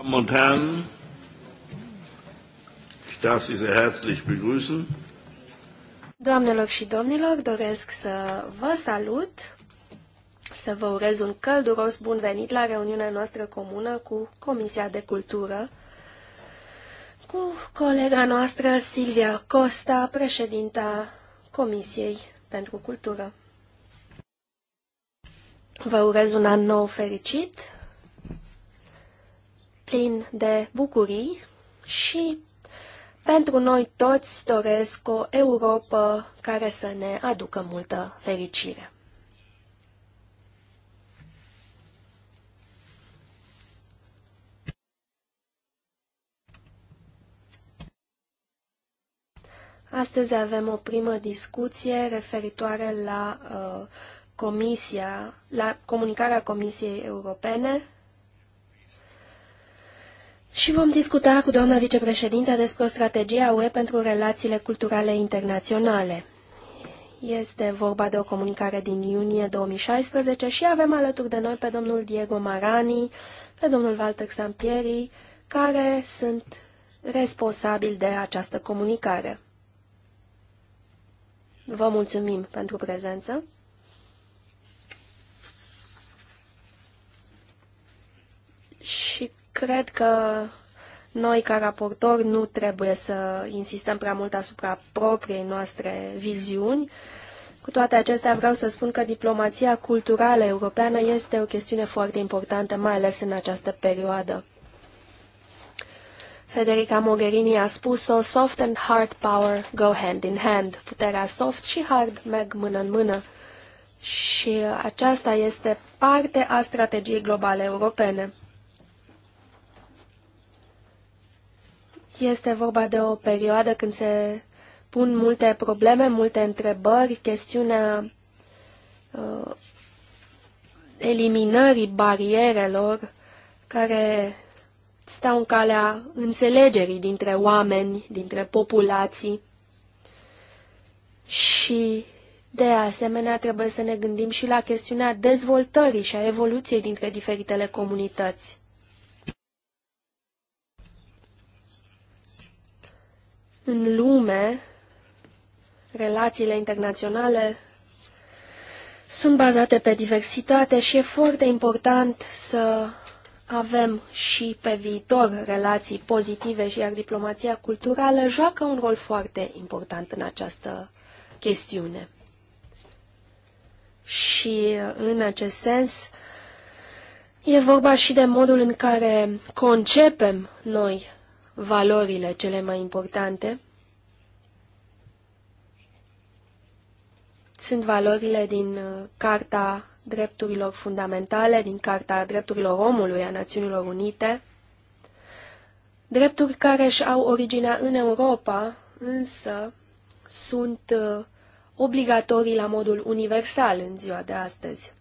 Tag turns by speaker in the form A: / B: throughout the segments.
A: Damen und Herren, ich darf Sie sehr herzlich begrüßen.
B: Doamnelor și domnilor, doresc să vă salut, să vă urez un călduros bun venit la reuniunea noastră comună cu Comisia de Cultură, cu colega noastră Silvia Costa, președinta Comisiei pentru Cultură. Vă urez un an nou fericit, plin de bucurii și pentru noi toți doresc o Europa care să ne aducă multă fericire. Astăzi avem o primă discuție referitoare la uh, comisia, la comunicarea Comisiei Europene și vom discuta cu doamna vicepreședinte despre o strategie a UE pentru relațiile culturale internaționale. Este vorba de o comunicare din iunie 2016 și avem alături de noi pe domnul Diego Marani, pe domnul Walter Sampieri, care sunt responsabili de această comunicare. Vă mulțumim pentru prezență. Și Cred că noi, ca raportori, nu trebuie să insistăm prea mult asupra propriei noastre viziuni. Cu toate acestea, vreau să spun că diplomația culturală europeană este o chestiune foarte importantă, mai ales în această perioadă. Federica Mogherini a spus-o, soft and hard power go hand in hand. Puterea soft și hard merg mână în mână. Și aceasta este parte a strategiei globale europene. Este vorba de o perioadă când se pun multe probleme, multe întrebări, chestiunea uh, eliminării barierelor care stau în calea înțelegerii dintre oameni, dintre populații. Și, de asemenea, trebuie să ne gândim și la chestiunea dezvoltării și a evoluției dintre diferitele comunități. în lume, relațiile internaționale sunt bazate pe diversitate și e foarte important să avem și pe viitor relații pozitive și iar diplomația culturală joacă un rol foarte important în această chestiune. Și în acest sens e vorba și de modul în care concepem noi valorile cele mai importante sunt valorile din uh, Carta Drepturilor Fundamentale, din Carta Drepturilor Omului a Națiunilor Unite, drepturi care își au originea în Europa, însă sunt uh, obligatorii la modul universal în ziua de astăzi.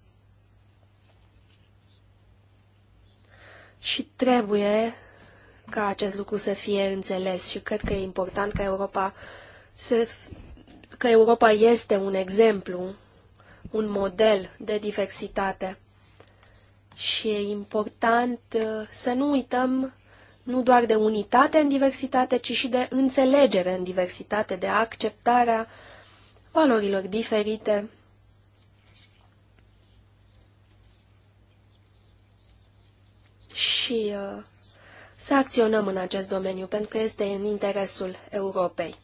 B: Și trebuie ca acest lucru să fie înțeles și cred că e important ca Europa să că Europa este un exemplu, un model de diversitate. Și e important uh, să nu uităm nu doar de unitate în diversitate, ci și de înțelegere în diversitate, de acceptarea valorilor diferite. Și uh, să acționăm în acest domeniu, pentru că este în interesul Europei.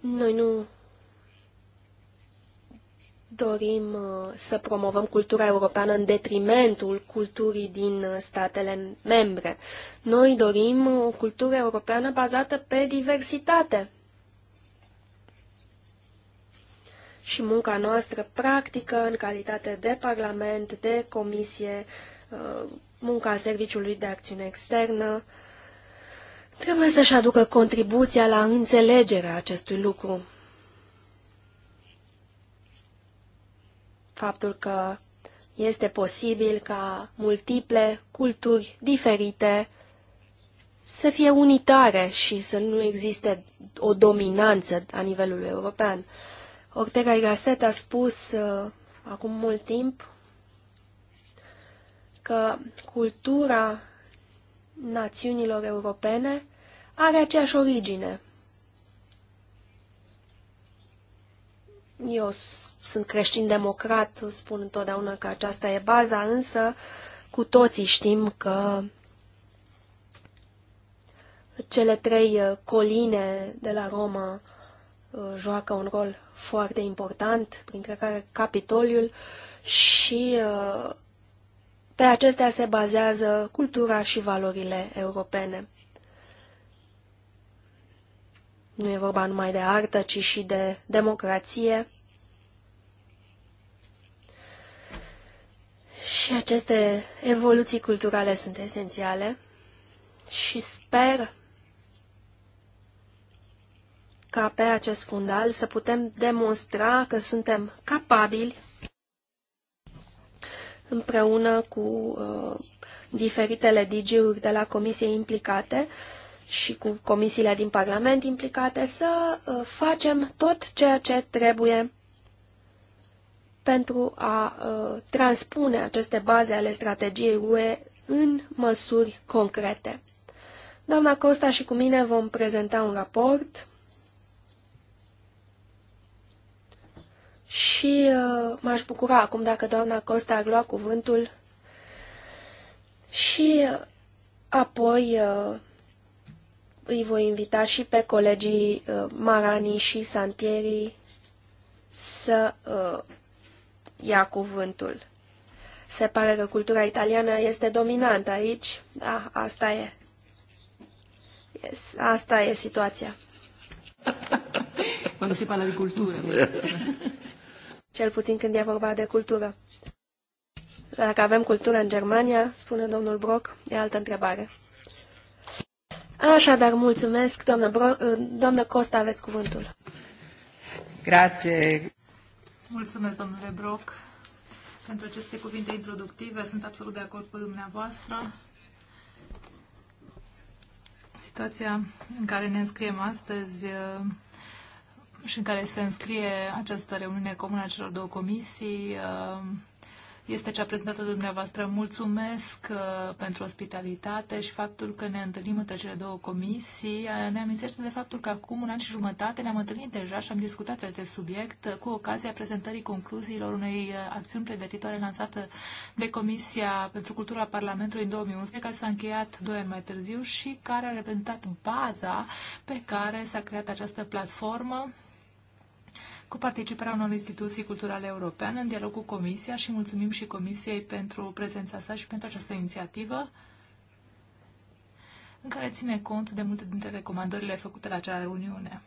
B: Noi nu dorim uh, să promovăm cultura europeană în detrimentul culturii din statele membre. Noi dorim uh, o cultură europeană bazată pe diversitate. și munca noastră practică în calitate de Parlament, de Comisie, uh, munca Serviciului de Acțiune Externă. Trebuie să-și aducă contribuția la înțelegerea acestui lucru. Faptul că este posibil ca multiple culturi diferite să fie unitare și să nu existe o dominanță a nivelului european. Ortega y Gasset a spus uh, acum mult timp că cultura națiunilor europene are aceeași origine. Eu sunt creștin-democrat, spun întotdeauna că aceasta e baza, însă cu toții știm că cele trei coline de la Roma uh, joacă un rol foarte important, printre care Capitoliul și uh, pe acestea se bazează cultura și valorile europene. Nu e vorba numai de artă, ci și de democrație. Și aceste evoluții culturale sunt esențiale și sper ca pe acest fundal să putem demonstra că suntem capabili împreună cu uh, diferitele digiuri de la comisie implicate și cu comisiile din Parlament implicate să uh, facem tot ceea ce trebuie pentru a uh, transpune aceste baze ale strategiei UE în măsuri concrete. Doamna Costa și cu mine vom prezenta un raport și uh, m-aș bucura acum dacă doamna Costa ar lua cuvântul și uh, apoi uh, îi voi invita și pe colegii uh, Marani și Santieri să uh, ia cuvântul. Se pare că cultura italiană este dominantă aici. Da, asta e. Yes, asta e situația.
C: Quando se parla de cultura.
B: cel puțin când e vorba de cultură. Dacă avem cultură în Germania, spune domnul Brock, e altă întrebare. Așadar, mulțumesc, doamnă, Bro- eh, doamnă Costa, aveți cuvântul.
C: Grație. Mulțumesc, domnule Brock, pentru aceste cuvinte introductive. Sunt absolut de acord cu dumneavoastră. Situația în care ne înscriem astăzi eh, și în care se înscrie această reuniune comună a celor două comisii uh, este cea prezentată de dumneavoastră. Mulțumesc uh, pentru ospitalitate și faptul că ne întâlnim între cele două comisii. Uh, ne amintește de faptul că acum un an și jumătate ne-am întâlnit deja și am discutat acest subiect cu ocazia prezentării concluziilor unei acțiuni pregătitoare lansată de Comisia pentru Cultura Parlamentului în 2011, care s-a încheiat doi ani mai târziu și care a reprezentat baza pe care s-a creat această platformă cu participarea unor instituții culturale europene în dialog cu Comisia și mulțumim și Comisiei pentru prezența sa și pentru această inițiativă în care ține cont de multe dintre recomandările făcute la acea reuniune.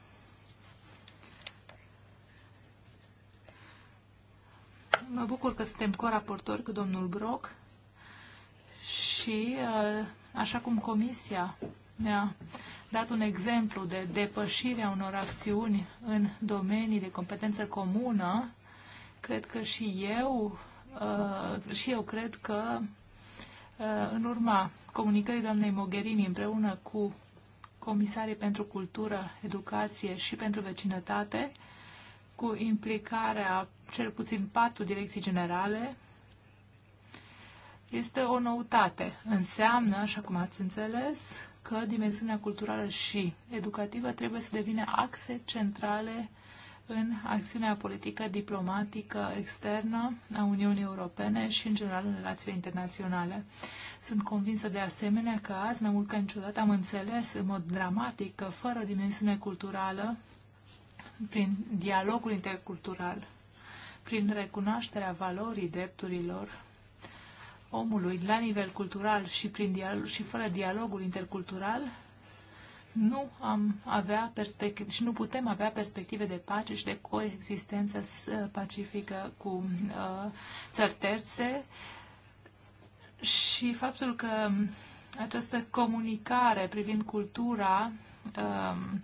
C: Mă bucur că suntem co-raportori cu domnul Brock și, uh, așa cum Comisia ne-a dat un exemplu de depășirea unor acțiuni în domenii de competență comună, cred că și eu, uh, și eu cred că uh, în urma comunicării doamnei Mogherini împreună cu comisarii pentru cultură, educație și pentru vecinătate, cu implicarea cel puțin patru direcții generale, este o noutate. Înseamnă, așa cum ați înțeles, că dimensiunea culturală și educativă trebuie să devină axe centrale în acțiunea politică, diplomatică, externă a Uniunii Europene și, în general, în relațiile internaționale. Sunt convinsă de asemenea că azi, mai mult ca niciodată, am înțeles în mod dramatic că, fără dimensiune culturală, prin dialogul intercultural, prin recunoașterea valorii drepturilor omului la nivel cultural și, prin dialog, și fără dialogul intercultural, nu am avea perspective și nu putem avea perspective de pace și de coexistență uh, pacifică cu uh, țări terțe și faptul că um, această comunicare privind cultura um,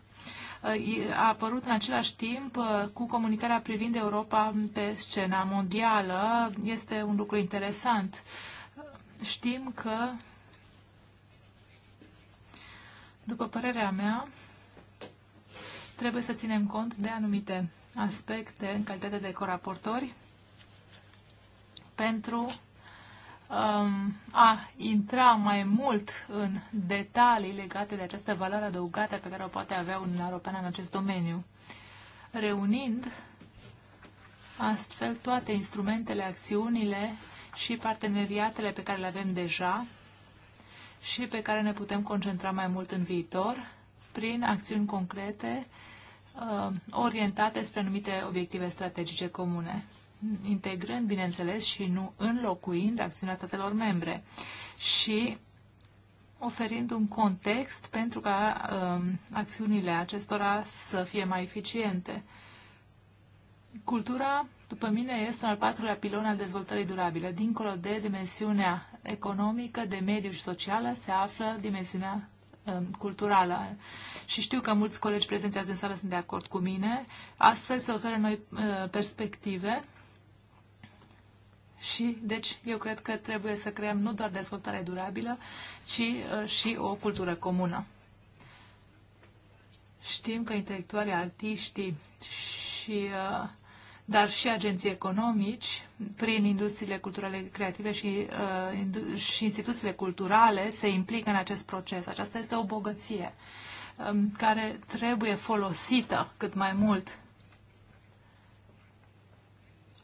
C: uh, a apărut în același timp uh, cu comunicarea privind Europa pe scena mondială. Este un lucru interesant. Uh, știm că, după părerea mea, trebuie să ținem cont de anumite aspecte în calitate de coraportori pentru um, a intra mai mult în detalii legate de această valoare adăugată pe care o poate avea un european în acest domeniu, reunind astfel toate instrumentele, acțiunile și parteneriatele pe care le avem deja și pe care ne putem concentra mai mult în viitor prin acțiuni concrete uh, orientate spre anumite obiective strategice comune, integrând, bineînțeles, și nu înlocuind acțiunea statelor membre și oferind un context pentru ca um, acțiunile acestora să fie mai eficiente. Cultura după mine, este un al patrulea pilon al dezvoltării durabile. Dincolo de dimensiunea economică, de mediu și socială, se află dimensiunea um, culturală. Și știu că mulți colegi prezenți azi în sală sunt de acord cu mine. Astfel se oferă noi uh, perspective și, deci, eu cred că trebuie să creăm nu doar dezvoltare durabilă, ci uh, și o cultură comună. Știm că intelectualii, artiștii și uh, dar și agenții economici, prin industriile culturale creative și, uh, și instituțiile culturale, se implică în acest proces. Aceasta este o bogăție um, care trebuie folosită cât mai mult.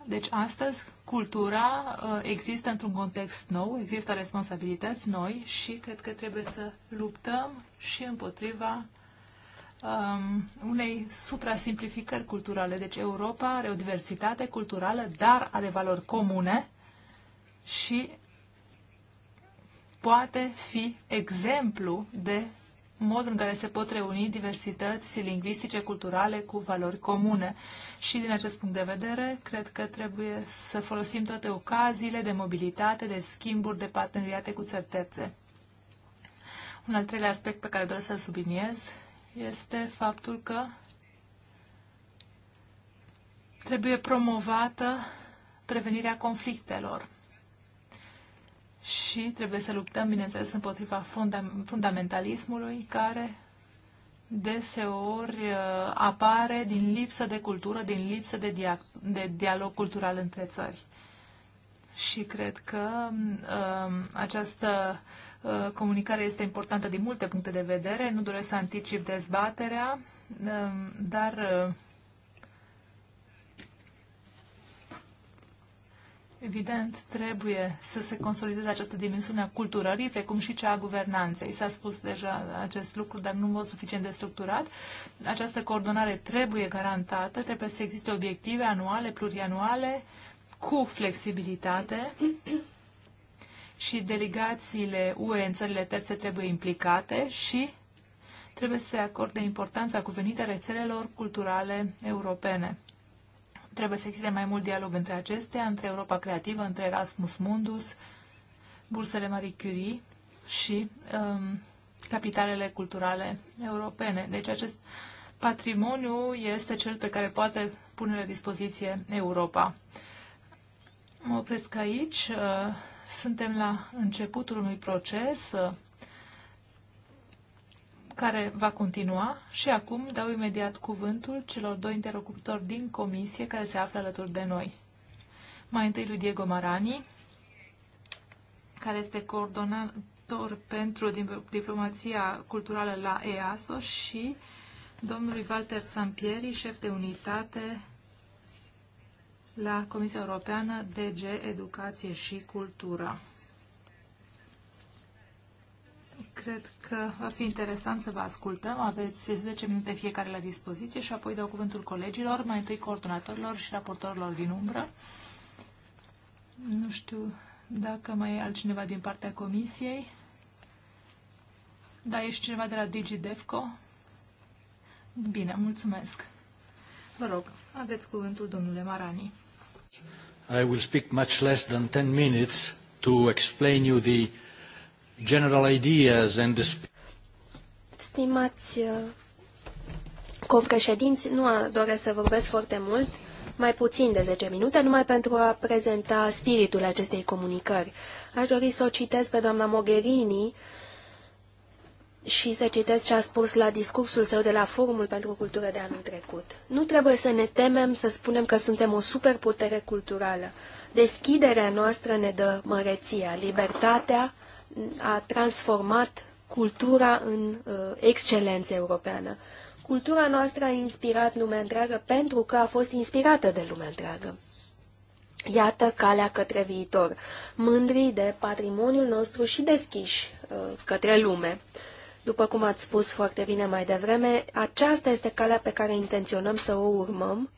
C: Deci astăzi cultura uh, există într-un context nou, există responsabilități noi și cred că trebuie să luptăm și împotriva um, unei suprasimplificări culturale. Deci Europa are o diversitate culturală, dar are valori comune și poate fi exemplu de mod în care se pot reuni diversități lingvistice, culturale cu valori comune. Și din acest punct de vedere, cred că trebuie să folosim toate ocaziile de mobilitate, de schimburi, de parteneriate cu certețe. Un al treilea aspect pe care doresc să-l subliniez este faptul că trebuie promovată prevenirea conflictelor și trebuie să luptăm, bineînțeles, împotriva funda- fundamentalismului care deseori uh, apare din lipsă de cultură, din lipsă de, dia- de dialog cultural între țări. Și cred că um, uh, această uh, Uh, comunicarea este importantă din multe puncte de vedere. Nu doresc să anticip dezbaterea, um, dar uh, Evident, trebuie să se consolideze această dimensiune a culturării, precum și cea a guvernanței. S-a spus deja acest lucru, dar nu în mod suficient de structurat. Această coordonare trebuie garantată, trebuie să existe obiective anuale, plurianuale, cu flexibilitate și delegațiile UE în țările terțe trebuie implicate și trebuie să se acorde importanța cuvenită rețelelor culturale europene. Trebuie să existe mai mult dialog între acestea, între Europa Creativă, între Erasmus Mundus, bursele Marie Curie și um, capitalele culturale europene. Deci acest patrimoniu este cel pe care poate pune la dispoziție Europa. Mă opresc aici. Uh, suntem la începutul unui proces uh, care va continua și acum dau imediat cuvântul celor doi interlocutori din comisie care se află alături de noi. Mai întâi lui Diego Marani, care este coordonator pentru diplomația culturală la EASO și domnului Walter Zampieri, șef de unitate la Comisia Europeană DG Educație și Cultura. Cred că va fi interesant să vă ascultăm. Aveți 10 minute fiecare la dispoziție și apoi dau cuvântul colegilor, mai întâi coordonatorilor și raportorilor din umbră. Nu știu dacă mai e altcineva din partea comisiei. Da, ești cineva de la DigiDevco? Bine, mulțumesc. Vă rog, aveți cuvântul domnule Marani. I will speak much less than 10 minutes to explain you the general ideas and the
B: Stimați uh, compreședinți, nu doresc să vorbesc foarte mult, mai puțin de 10 minute, numai pentru a prezenta spiritul acestei comunicări. Aș dori să o citesc pe doamna Mogherini, și să citesc ce a spus la discursul său de la Forumul pentru Cultură de anul trecut. Nu trebuie să ne temem să spunem că suntem o superputere culturală. Deschiderea noastră ne dă măreția. Libertatea a transformat cultura în uh, excelență europeană. Cultura noastră a inspirat lumea întreagă pentru că a fost inspirată de lumea întreagă. Iată calea către viitor, mândri de patrimoniul nostru și deschiși uh, către lume. După cum ați spus foarte bine mai devreme, aceasta este calea pe care intenționăm să o urmăm.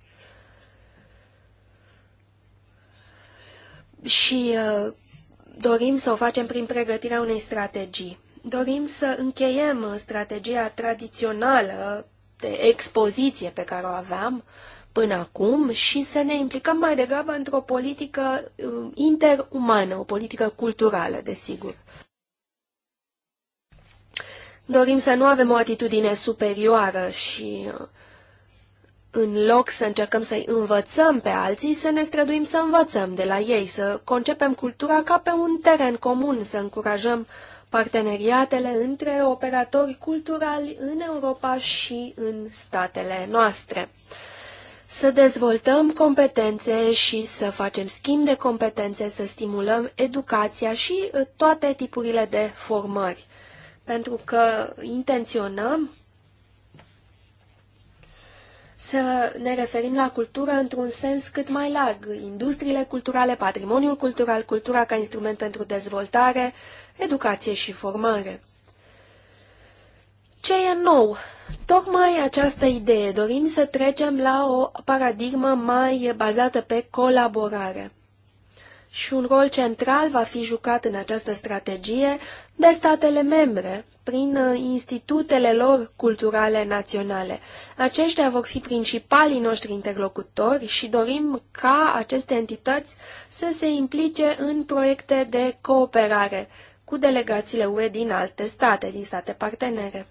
B: Și uh, dorim să o facem prin pregătirea unei strategii. Dorim să încheiem uh, strategia tradițională de expoziție pe care o aveam până acum și să ne implicăm mai degrabă într-o politică uh, interumană, o politică culturală, desigur dorim să nu avem o atitudine superioară și în loc să încercăm să-i învățăm pe alții, să ne străduim să învățăm de la ei, să concepem cultura ca pe un teren comun, să încurajăm parteneriatele între operatori culturali în Europa și în statele noastre. Să dezvoltăm competențe și să facem schimb de competențe, să stimulăm educația și eh, toate tipurile de formări pentru că intenționăm să ne referim la cultură într-un sens cât mai larg. Industriile culturale, patrimoniul cultural, cultura ca instrument pentru dezvoltare, educație și formare. Ce e nou? Tocmai această idee dorim să trecem la o paradigmă mai bazată pe colaborare și un rol central va fi jucat în această strategie de statele membre, prin uh, institutele lor culturale naționale. Aceștia vor fi principalii noștri interlocutori și dorim ca aceste entități să se implice în proiecte de cooperare cu delegațiile UE din alte state, din state partenere.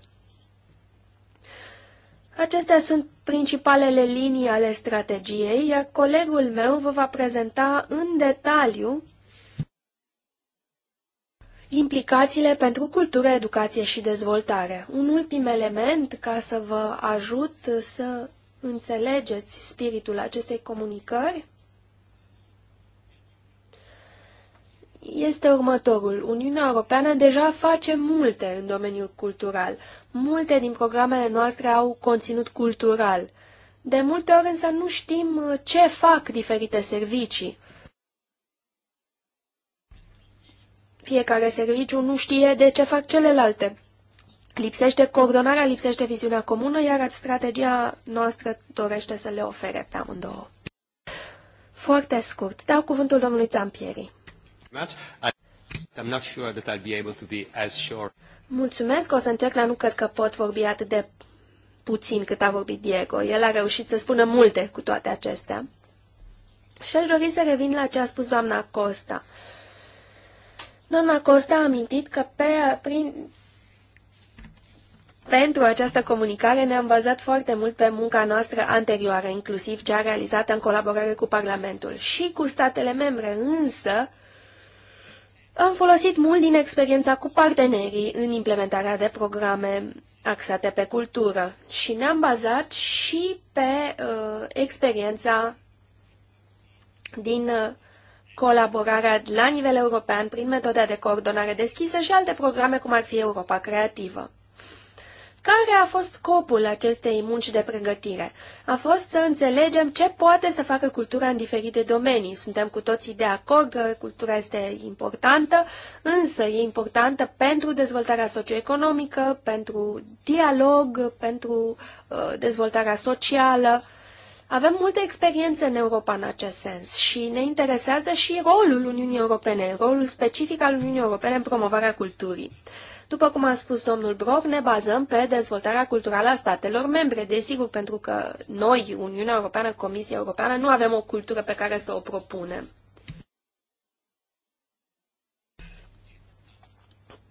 B: Acestea sunt principalele linii ale strategiei, iar colegul meu vă va prezenta în detaliu implicațiile pentru cultură, educație și dezvoltare. Un ultim element ca să vă ajut să înțelegeți spiritul acestei comunicări este următorul. Uniunea Europeană deja face multe în domeniul cultural. Multe din programele noastre au conținut cultural. De multe ori însă nu știm ce fac diferite servicii. Fiecare serviciu nu știe de ce fac celelalte. Lipsește coordonarea, lipsește viziunea comună, iar strategia noastră dorește să le ofere pe amândouă. Foarte scurt, dau cuvântul domnului Tampieri. I'm not sure that I'll be able to be as sure. Mulțumesc, o să încerc, dar nu cred că pot vorbi atât de puțin cât a vorbit Diego. El a reușit să spună multe cu toate acestea. Și aș dori să revin la ce a spus doamna Costa. Doamna Costa a amintit că pe, prin, pentru această comunicare ne-am bazat foarte mult pe munca noastră anterioară, inclusiv cea realizată în colaborare cu Parlamentul și cu statele membre, însă am folosit mult din experiența cu partenerii în implementarea de programe axate pe cultură și ne-am bazat și pe uh, experiența din uh, colaborarea la nivel european prin metoda de coordonare deschisă și alte programe cum ar fi Europa Creativă. Care a fost scopul acestei munci de pregătire? A fost să înțelegem ce poate să facă cultura în diferite domenii. Suntem cu toții de acord că cultura este importantă, însă e importantă pentru dezvoltarea socioeconomică, pentru dialog, pentru uh, dezvoltarea socială. Avem multe experiențe în Europa în acest sens și ne interesează și rolul Uniunii Europene, rolul specific al Uniunii Europene în promovarea culturii. După cum a spus domnul Brock, ne bazăm pe dezvoltarea culturală a statelor membre, desigur, pentru că noi, Uniunea Europeană, Comisia Europeană, nu avem o cultură pe care să o propunem.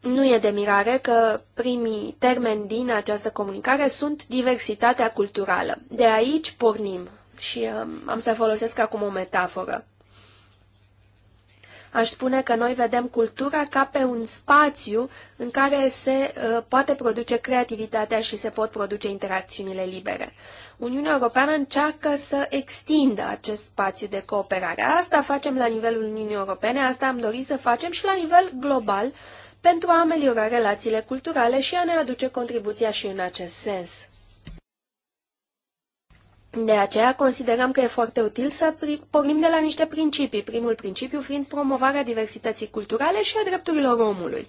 B: Nu e de mirare că primii termeni din această comunicare sunt diversitatea culturală. De aici pornim și um, am să folosesc acum o metaforă. Aș spune că noi vedem cultura ca pe un spațiu în care se uh, poate produce creativitatea și se pot produce interacțiunile libere. Uniunea Europeană încearcă să extindă acest spațiu de cooperare. Asta facem la nivelul Uniunii Europene, asta am dorit să facem și la nivel global pentru a ameliora relațiile culturale și a ne aduce contribuția și în acest sens. De aceea considerăm că e foarte util să pornim de la niște principii, primul principiu fiind promovarea diversității culturale și a drepturilor omului.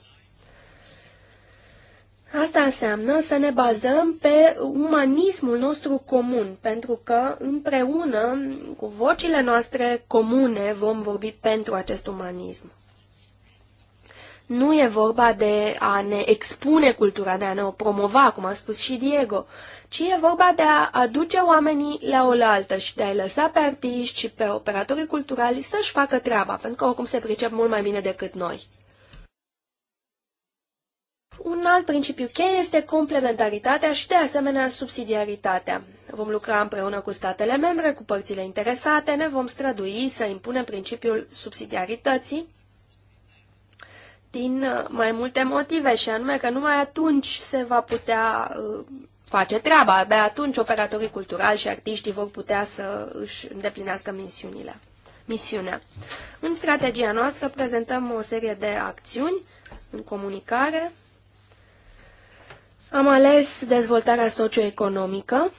B: Asta înseamnă să ne bazăm pe umanismul nostru comun, pentru că împreună, cu vocile noastre comune, vom vorbi pentru acest umanism. Nu e vorba de a ne expune cultura, de a ne o promova, cum a spus și Diego, ci e vorba de a aduce oamenii la oaltă și de a-i lăsa pe artiști și pe operatorii culturali să-și facă treaba, pentru că oricum se pricep mult mai bine decât noi. Un alt principiu cheie este complementaritatea și, de asemenea, subsidiaritatea. Vom lucra împreună cu statele membre, cu părțile interesate, ne vom strădui să impunem principiul subsidiarității din mai multe motive, și anume că numai atunci se va putea uh, face treaba. Abia atunci operatorii culturali și artiștii vor putea să își îndeplinească misiunile. Misiunea. În strategia noastră prezentăm o serie de acțiuni în comunicare. Am ales dezvoltarea socioeconomică,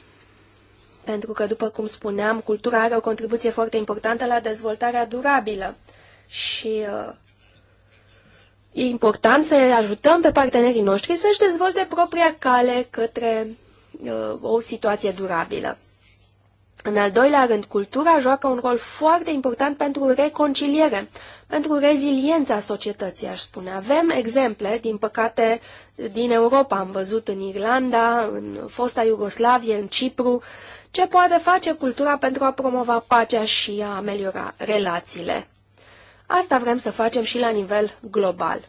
B: pentru că, după cum spuneam, cultura are o contribuție foarte importantă la dezvoltarea durabilă și uh, E important să ajutăm pe partenerii noștri să-și dezvolte propria cale către uh, o situație durabilă. În al doilea rând, cultura joacă un rol foarte important pentru reconciliere, pentru reziliența societății, aș spune. Avem exemple, din păcate, din Europa. Am văzut în Irlanda, în fosta Iugoslavie, în Cipru, ce poate face cultura pentru a promova pacea și a ameliora relațiile. Asta vrem să facem și la nivel global.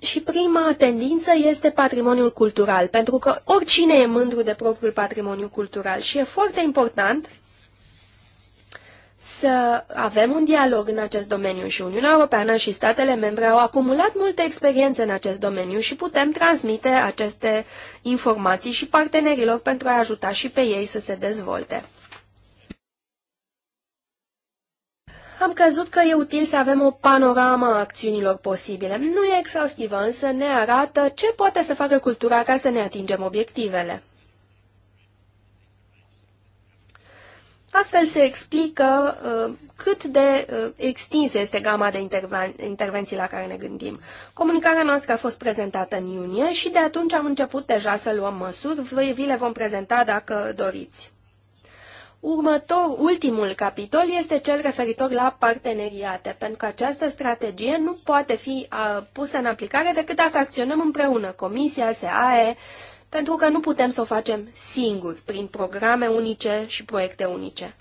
B: Și prima tendință este patrimoniul cultural, pentru că oricine e mândru de propriul patrimoniu cultural și e foarte important să avem un dialog în acest domeniu și Uniunea Europeană și statele membre au acumulat multe experiențe în acest domeniu și putem transmite aceste informații și partenerilor pentru a ajuta și pe ei să se dezvolte. am crezut că e util să avem o panoramă a acțiunilor posibile. Nu e exhaustivă, însă ne arată ce poate să facă cultura ca să ne atingem obiectivele. Astfel se explică uh, cât de uh, extinsă este gama de interven intervenții la care ne gândim. Comunicarea noastră a fost prezentată în iunie și de atunci am început deja să luăm măsuri. Vi le vom prezenta dacă doriți. Următor, ultimul capitol este cel referitor la parteneriate, pentru că această strategie nu poate fi a, uh, pusă în aplicare decât dacă acționăm împreună, Comisia, SAE, pentru că nu putem să o facem singuri, prin programe unice și proiecte unice.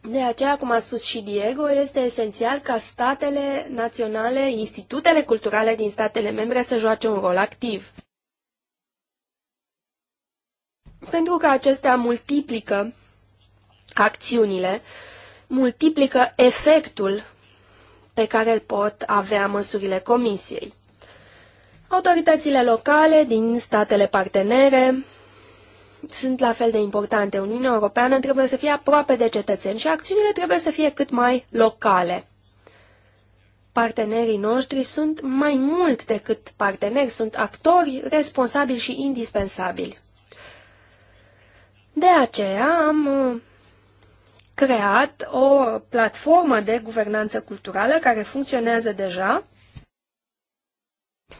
B: De aceea, cum a spus și Diego, este esențial ca statele naționale, institutele culturale din statele membre să joace un rol activ pentru că acestea multiplică acțiunile, multiplică efectul pe care îl pot avea măsurile comisiei. Autoritățile locale din statele partenere sunt la fel de importante. Uniunea Europeană trebuie să fie aproape de cetățeni și acțiunile trebuie să fie cât mai locale. Partenerii noștri sunt mai mult decât parteneri, sunt actori responsabili și indispensabili. De aceea am uh, creat o platformă de guvernanță culturală care funcționează deja,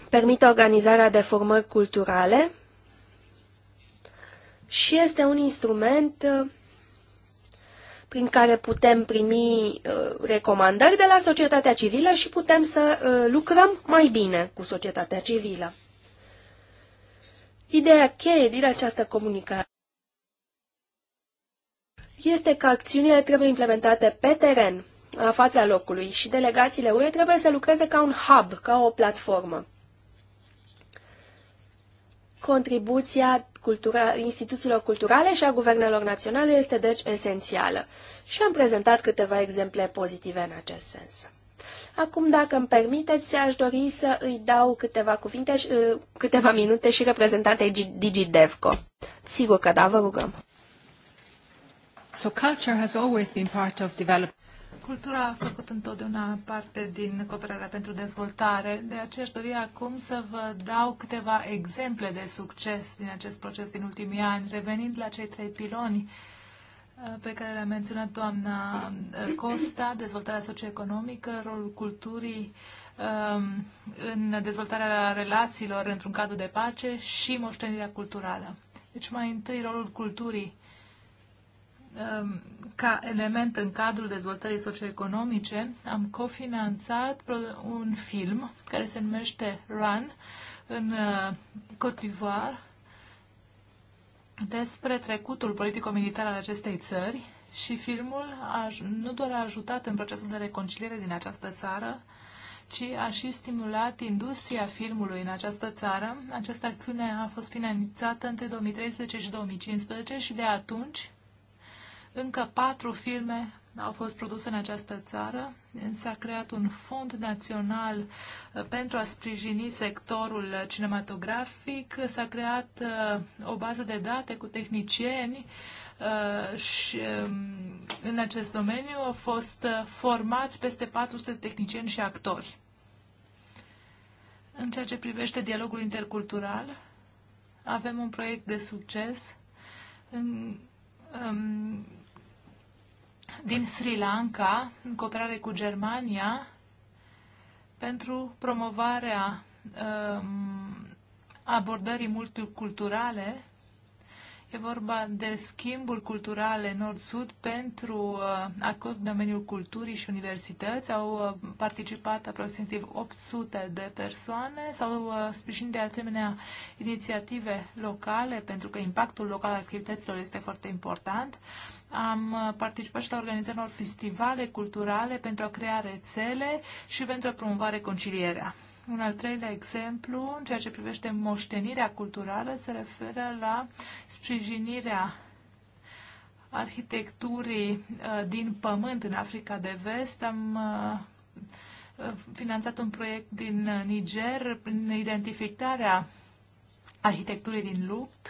B: permite organizarea de formări culturale și este un instrument uh, prin care putem primi uh, recomandări de la societatea civilă și putem să lucrăm mai bine cu societatea civilă. Ideea cheie din această comunicare este că acțiunile trebuie implementate pe teren, la fața locului, și delegațiile UE trebuie să lucreze ca un hub, ca o platformă. Contribuția cultura, instituțiilor culturale și a guvernelor naționale este deci esențială și am prezentat câteva exemple pozitive în acest sens. Acum, dacă îmi permiteți, aș dori să îi dau câteva cuvinte, și, uh, câteva minute și reprezentantei DigiDevco. Sigur că da, vă rugăm. So culture has
C: always been part of development. Cultura a făcut întotdeauna parte din cooperarea pentru dezvoltare, de aceea aș dori acum să vă dau câteva exemple de succes din acest proces din ultimii ani, revenind la cei trei piloni uh, pe care le-a menționat doamna uh, Costa, dezvoltarea socioeconomică, rolul culturii um, în dezvoltarea relațiilor într-un cadru de pace și moștenirea culturală. Deci mai întâi rolul culturii Ehm, ca element în cadrul dezvoltării socioeconomice, am cofinanțat un film care se numește Run în eh, Côte d'Ivoire despre trecutul politico-militar al acestei țări și filmul a, nu doar a ajutat în procesul de reconciliere din această țară, ci a și stimulat industria filmului în această țară. Această acțiune a fost finanțată între 2013 și 2015 și de atunci încă patru filme au fost produse în această țară. S-a creat un fond național uh, pentru a sprijini sectorul cinematografic. S-a creat uh, o bază de date cu tehnicieni uh, și um, în acest domeniu au fost formați peste 400 de tehnicieni și actori. În ceea ce privește dialogul intercultural, avem un proiect de succes în, în, um, din Sri Lanka, în cooperare cu Germania, pentru promovarea um, abordării multiculturale E vorba de schimburi culturale nord-sud pentru uh, acord domeniul culturii și universități. Au uh, participat aproximativ 800 de persoane, s-au uh, sprijinit de asemenea inițiative locale, pentru că impactul local al activităților este foarte important. Am participat și la organizarea unor festivale culturale pentru a crea rețele și pentru a promova reconcilierea. Un al treilea exemplu, în ceea ce privește moștenirea culturală, se referă la sprijinirea arhitecturii uh, din pământ în Africa de Vest. Am uh, uh, finanțat un proiect din Niger prin identificarea arhitecturii din lupt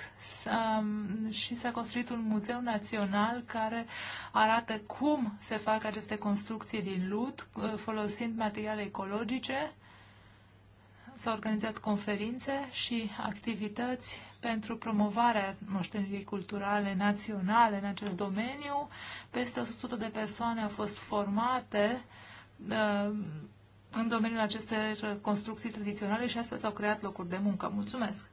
C: și s-a construit un muzeu național care arată cum se fac aceste construcții din lut folosind materiale ecologice s-au organizat conferințe și activități pentru promovarea moștenirii culturale naționale în acest domeniu. Peste 100 de persoane au fost formate uh, în domeniul acestor construcții tradiționale și astăzi s-au creat locuri de muncă. Mulțumesc!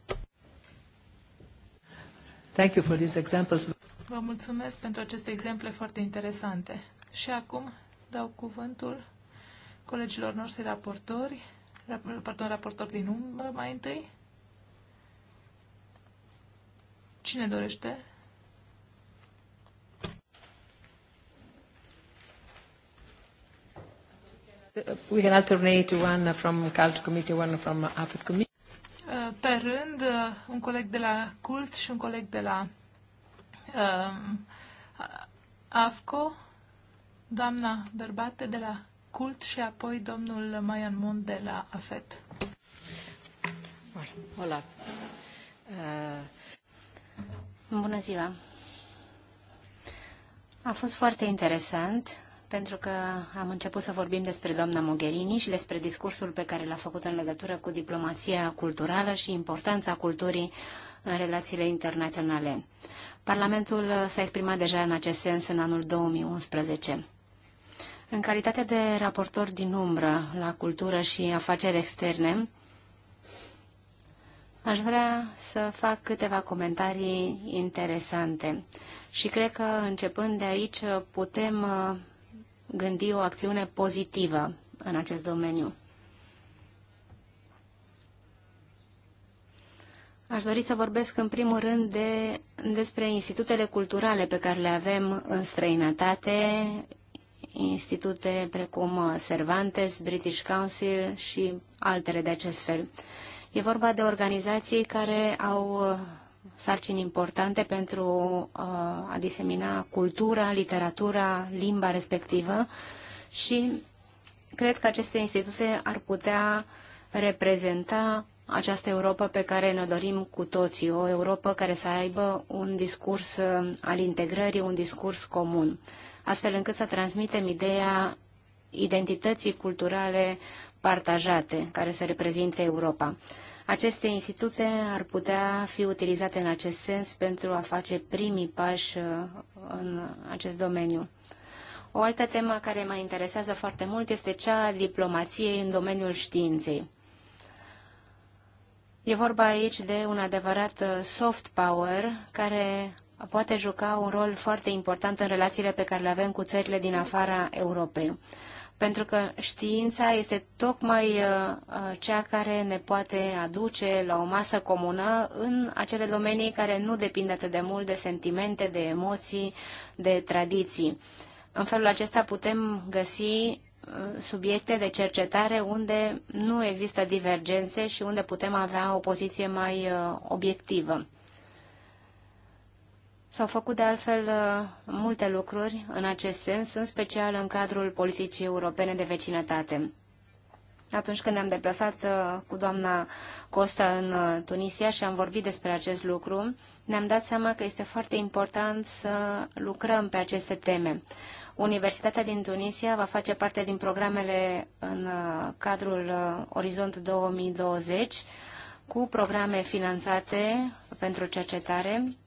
C: Thank you for these examples. Vă mulțumesc pentru aceste exemple foarte interesante. Și acum dau cuvântul colegilor noștri raportori Pardon, raportor din umbră mai întâi. Cine dorește? We can alternate one from Cult Committee, one from AFET Committee. Uh, pe rând, uh, un coleg de la Cult și un coleg de la um, AFCO, doamna Berbate de la cult și apoi domnul Maian Mund de la AFET. Hola. Uh.
A: Bună ziua! A fost foarte interesant pentru că am început să vorbim despre doamna Mogherini și despre discursul pe care l-a făcut în legătură cu diplomația culturală și importanța culturii în relațiile internaționale. Parlamentul s-a exprimat deja în acest sens în anul 2011. În calitate de raportor din umbră la cultură și afaceri externe, aș vrea să fac câteva comentarii interesante. Și cred că începând de aici putem uh, gândi o acțiune pozitivă în acest domeniu. Aș dori să vorbesc în primul rând de, despre institutele culturale pe care le avem în străinătate, institute precum uh, Cervantes, British Council și altele de acest fel. E vorba de organizații care au uh, sarcini importante pentru uh, a disemina cultura, literatura, limba respectivă și cred că aceste institute ar putea reprezenta această Europa pe care ne dorim cu toții, o Europa care să aibă un discurs al integrării, un discurs comun astfel încât să transmitem ideea identității culturale partajate care să reprezinte Europa. Aceste institute ar putea fi utilizate în acest sens pentru a face primii pași uh, în acest domeniu. O altă temă care mă interesează foarte mult este cea a diplomației în domeniul științei. E vorba aici de un adevărat uh, soft power care poate juca un rol foarte important în relațiile pe care le avem cu țările din afara Europei. Pentru că știința este tocmai uh, uh, cea care ne poate aduce la o masă comună în acele domenii care nu depind atât de mult de sentimente, de emoții, de tradiții. În felul acesta putem găsi uh, subiecte de cercetare unde nu există divergențe și unde putem avea o poziție mai obiectivă. S-au făcut de altfel uh, multe lucruri în acest sens, în special în cadrul politicii europene de vecinătate. Atunci când ne-am deplasat uh, cu doamna Costa în uh, Tunisia și am vorbit despre acest lucru, ne-am dat seama că este foarte important să lucrăm pe aceste teme. Universitatea din Tunisia va face parte din programele în cadrul Orizont 2020 cu programe finanțate pentru cercetare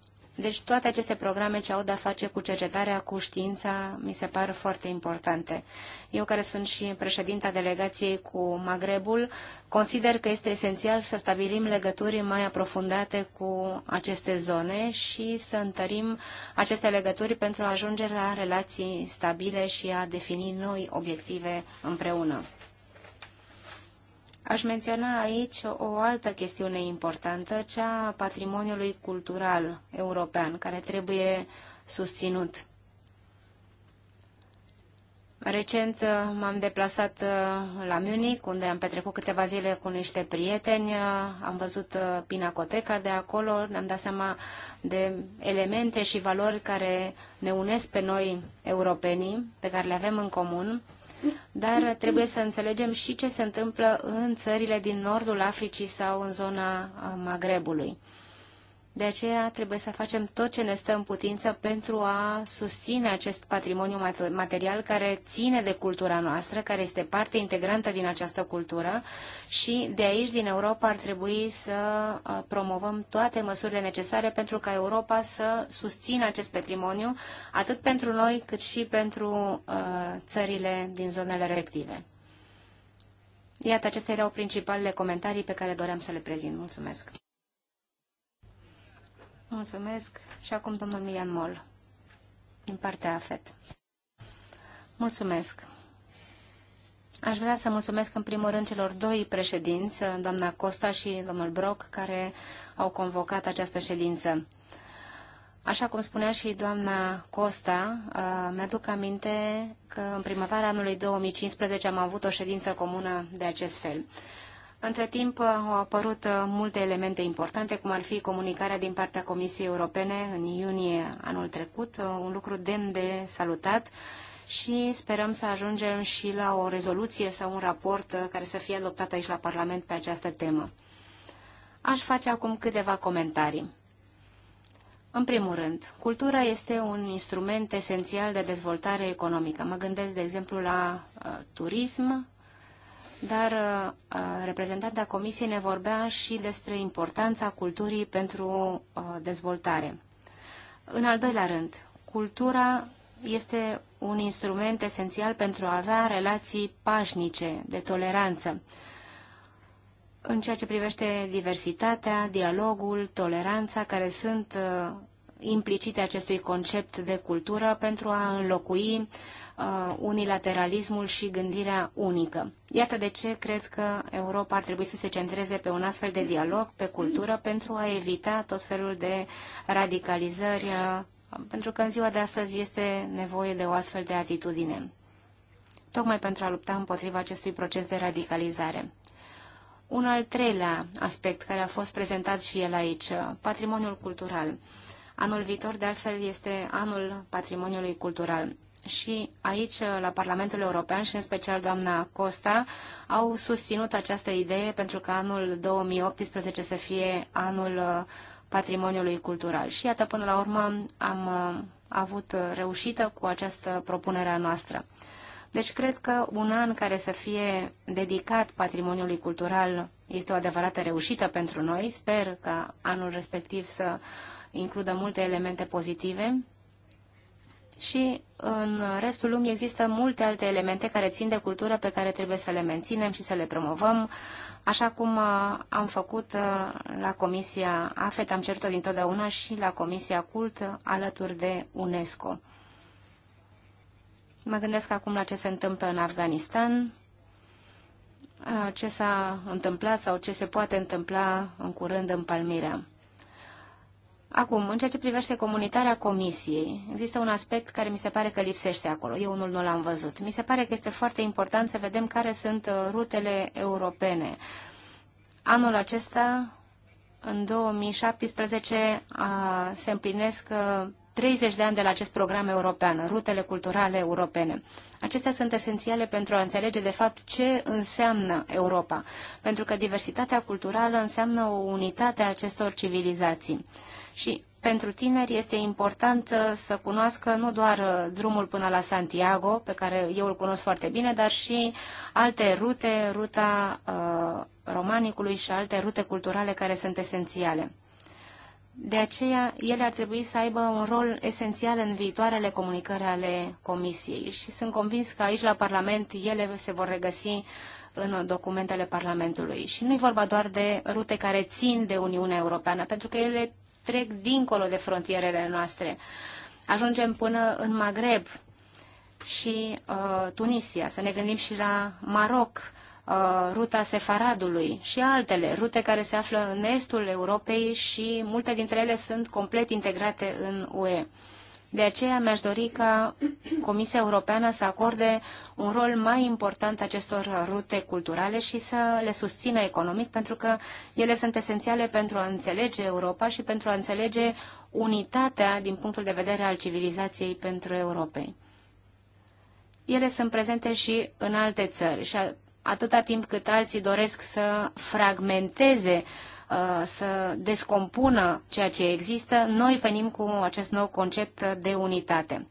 A: deci toate aceste programe ce au de-a face cu cercetarea, cu știința, mi se par foarte importante. Eu, care sunt și președinta delegației cu Magrebul, consider că este esențial să stabilim legături mai aprofundate cu aceste zone și să întărim aceste legături pentru a ajunge la relații stabile și a defini noi obiective împreună. Aș menționa aici o altă chestiune importantă, cea a patrimoniului cultural european, care trebuie susținut. Recent uh, m-am deplasat uh, la Munich, unde am petrecut câteva zile cu niște prieteni, uh, am văzut pinacoteca de acolo, ne-am dat seama de elemente și valori care ne unesc pe noi europenii, pe care le avem în comun dar trebuie să înțelegem și ce se întâmplă în țările din nordul Africii sau în zona uh, Magrebului. De aceea trebuie să facem tot ce ne stă în putință pentru a susține acest patrimoniu material care ține de cultura noastră, care este parte integrantă din această cultură și de aici, din Europa, ar trebui să uh, promovăm toate măsurile necesare pentru ca Europa să susțină acest patrimoniu, atât pentru noi cât și pentru uh, țările din zonele respective. Iată, acestea erau principalele comentarii pe care doream să le prezint. Mulțumesc! Mulțumesc. Și acum domnul Mian Mol, din partea AFET. Mulțumesc. Aș vrea să mulțumesc în primul rând celor doi președinți, doamna Costa și domnul Broc, care au convocat această ședință. Așa cum spunea și doamna Costa, uh, mi-aduc aminte că în primăvara anului 2015 am avut o ședință comună de acest fel. Între timp uh, au apărut uh, multe elemente importante, cum ar fi comunicarea din partea Comisiei Europene în iunie anul trecut, uh, un lucru demn de salutat și sperăm să ajungem și la o rezoluție sau un raport care să fie adoptat aici la Parlament pe această temă. Aș face acum câteva comentarii. În primul rând, cultura este un instrument esențial de dezvoltare economică. Mă gândesc, de exemplu, la uh, turism, dar uh, uh, reprezentanta Comisiei ne vorbea și despre importanța culturii pentru uh, dezvoltare. În al doilea rând, cultura este un instrument esențial pentru a avea relații pașnice, de toleranță. În ceea ce privește diversitatea, dialogul, toleranța, care sunt implicite acestui concept de cultură pentru a înlocui uh, uh, unilateralismul și gândirea unică. Iată de ce cred că Europa ar trebui să se centreze pe un astfel de dialog, pe cultură, pentru a evita tot felul de radicalizări, uh, pentru că în ziua de astăzi este nevoie de o astfel de atitudine, tocmai pentru a lupta împotriva acestui proces de radicalizare. Un al treilea aspect care a fost prezentat și el aici, uh, patrimoniul cultural. Anul viitor, de altfel, este anul patrimoniului cultural și aici, la Parlamentul European și în special doamna Costa, au susținut această idee pentru că anul 2018 să fie anul uh, patrimoniului cultural. Și iată, până la urmă, am uh, avut reușită cu această propunere a noastră. Deci cred că un an care să fie dedicat patrimoniului cultural este o adevărată reușită pentru noi. Sper că anul respectiv să includă multe elemente pozitive și în restul lumii există multe alte elemente care țin de cultură pe care trebuie să le menținem și să le promovăm, așa cum uh, am făcut uh, la Comisia AFET, am cerut-o dintotdeauna și la Comisia CULT alături de UNESCO. Mă gândesc acum la ce se întâmplă în Afganistan, uh, ce s-a întâmplat sau ce se poate întâmpla în curând în Palmirea. Acum, în ceea ce privește comunitarea comisiei, există un aspect care mi se pare că lipsește acolo. Eu unul nu l-am văzut. Mi se pare că este foarte important să vedem care sunt uh, rutele europene. Anul acesta, în 2017, se împlinesc 30 uh, de ani de la acest program european, rutele culturale europene. Acestea sunt esențiale pentru a înțelege, de fapt, ce înseamnă Europa, pentru că diversitatea culturală înseamnă o unitate a acestor civilizații. Și pentru tineri este important uh, să cunoască nu doar uh, drumul până la Santiago, pe care eu îl cunosc foarte bine, dar și alte rute, ruta uh, romanicului și alte rute culturale care sunt esențiale. De aceea, ele ar trebui să aibă un rol esențial în viitoarele comunicări ale Comisiei și sunt convins că aici la Parlament ele se vor regăsi în documentele Parlamentului. Și nu e vorba doar de rute care țin de Uniunea Europeană, pentru că ele trec dincolo de frontierele noastre. Ajungem până în Maghreb și uh, Tunisia, să ne gândim și la Maroc, uh, ruta Sefaradului și altele, rute care se află în estul Europei și multe dintre ele sunt complet integrate în UE. De aceea mi-aș dori ca Comisia Europeană să acorde un rol mai important acestor rute culturale și să le susțină economic, pentru că ele sunt esențiale pentru a înțelege Europa și pentru a înțelege unitatea din punctul de vedere al civilizației pentru Europei. Ele sunt prezente și în alte țări și atâta timp cât alții doresc să fragmenteze uh, Uh, să descompună ceea ce există, noi venim cu acest nou concept de unitate.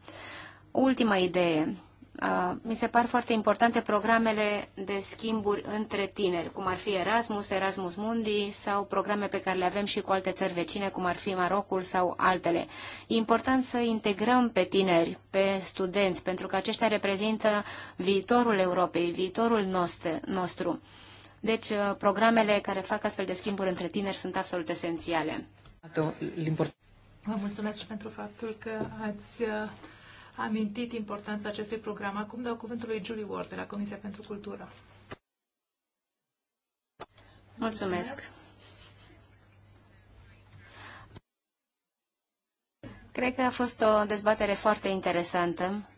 A: Ultima idee. Uh, mi se par foarte importante programele de schimburi între tineri, cum ar fi Erasmus, Erasmus Mundi sau programe pe care le avem și cu alte țări vecine, cum ar fi Marocul sau altele. E important să integrăm pe tineri, pe studenți, pentru că aceștia reprezintă viitorul Europei, viitorul nostru. Deci, uh, programele care fac astfel de schimburi între tineri sunt absolut esențiale.
C: Vă mulțumesc și pentru faptul că ați uh, amintit importanța acestui program. Acum dau cuvântul lui Julie Ward de la Comisia pentru Cultură.
A: Mulțumesc. Cred că a fost o dezbatere foarte interesantă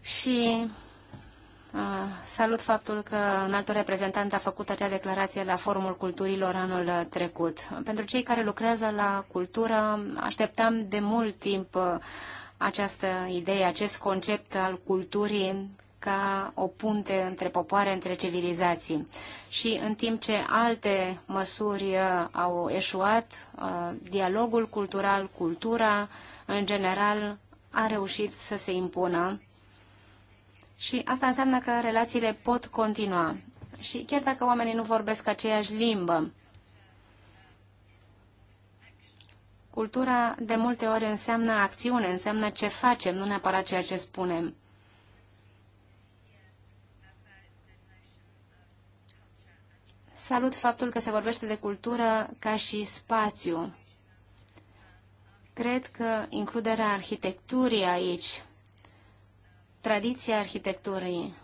A: și Salut faptul că un alt reprezentant a făcut acea declarație la Forumul Culturilor anul uh, trecut. Pentru cei care lucrează la cultură, așteptam de mult timp uh, această idee, acest concept al culturii ca o punte între popoare, între civilizații. Și în timp ce alte măsuri uh, au eșuat, dialogul cultural, cultura, în general, a reușit să se impună și asta înseamnă că relațiile pot continua. Și chiar dacă oamenii nu vorbesc aceeași limbă, cultura de multe ori înseamnă acțiune, înseamnă ce facem, nu neapărat ceea ce spunem. Salut faptul că se vorbește de cultură ca și spațiu. Cred că includerea arhitecturii aici tradiția arhitecturii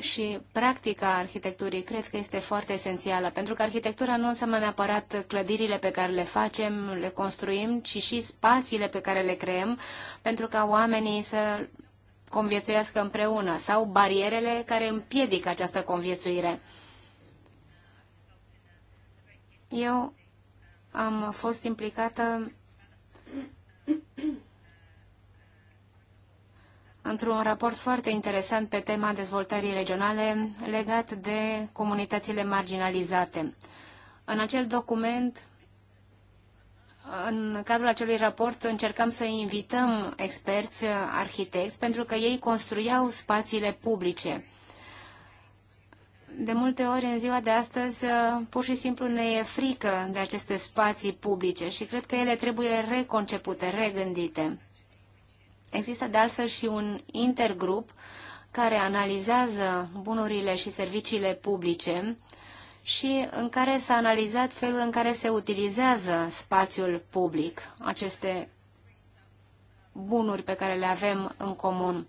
A: și practica arhitecturii cred că este foarte esențială, pentru că arhitectura nu înseamnă neapărat clădirile pe care le facem, le construim, ci și spațiile pe care le creăm, pentru ca oamenii să conviețuiască împreună, sau barierele care împiedică această conviețuire. Eu am fost implicată într-un raport foarte interesant pe tema dezvoltării regionale legat de comunitățile marginalizate. În acel document, în cadrul acelui raport, încercam să invităm experți, arhitecți, pentru că ei construiau spațiile publice. De multe ori, în ziua de astăzi, pur și simplu ne e frică de aceste spații publice și cred că ele trebuie reconcepute, regândite. Există de altfel și un intergrup care analizează bunurile și serviciile publice și în care s-a analizat felul în care se utilizează spațiul public, aceste bunuri pe care le avem în comun.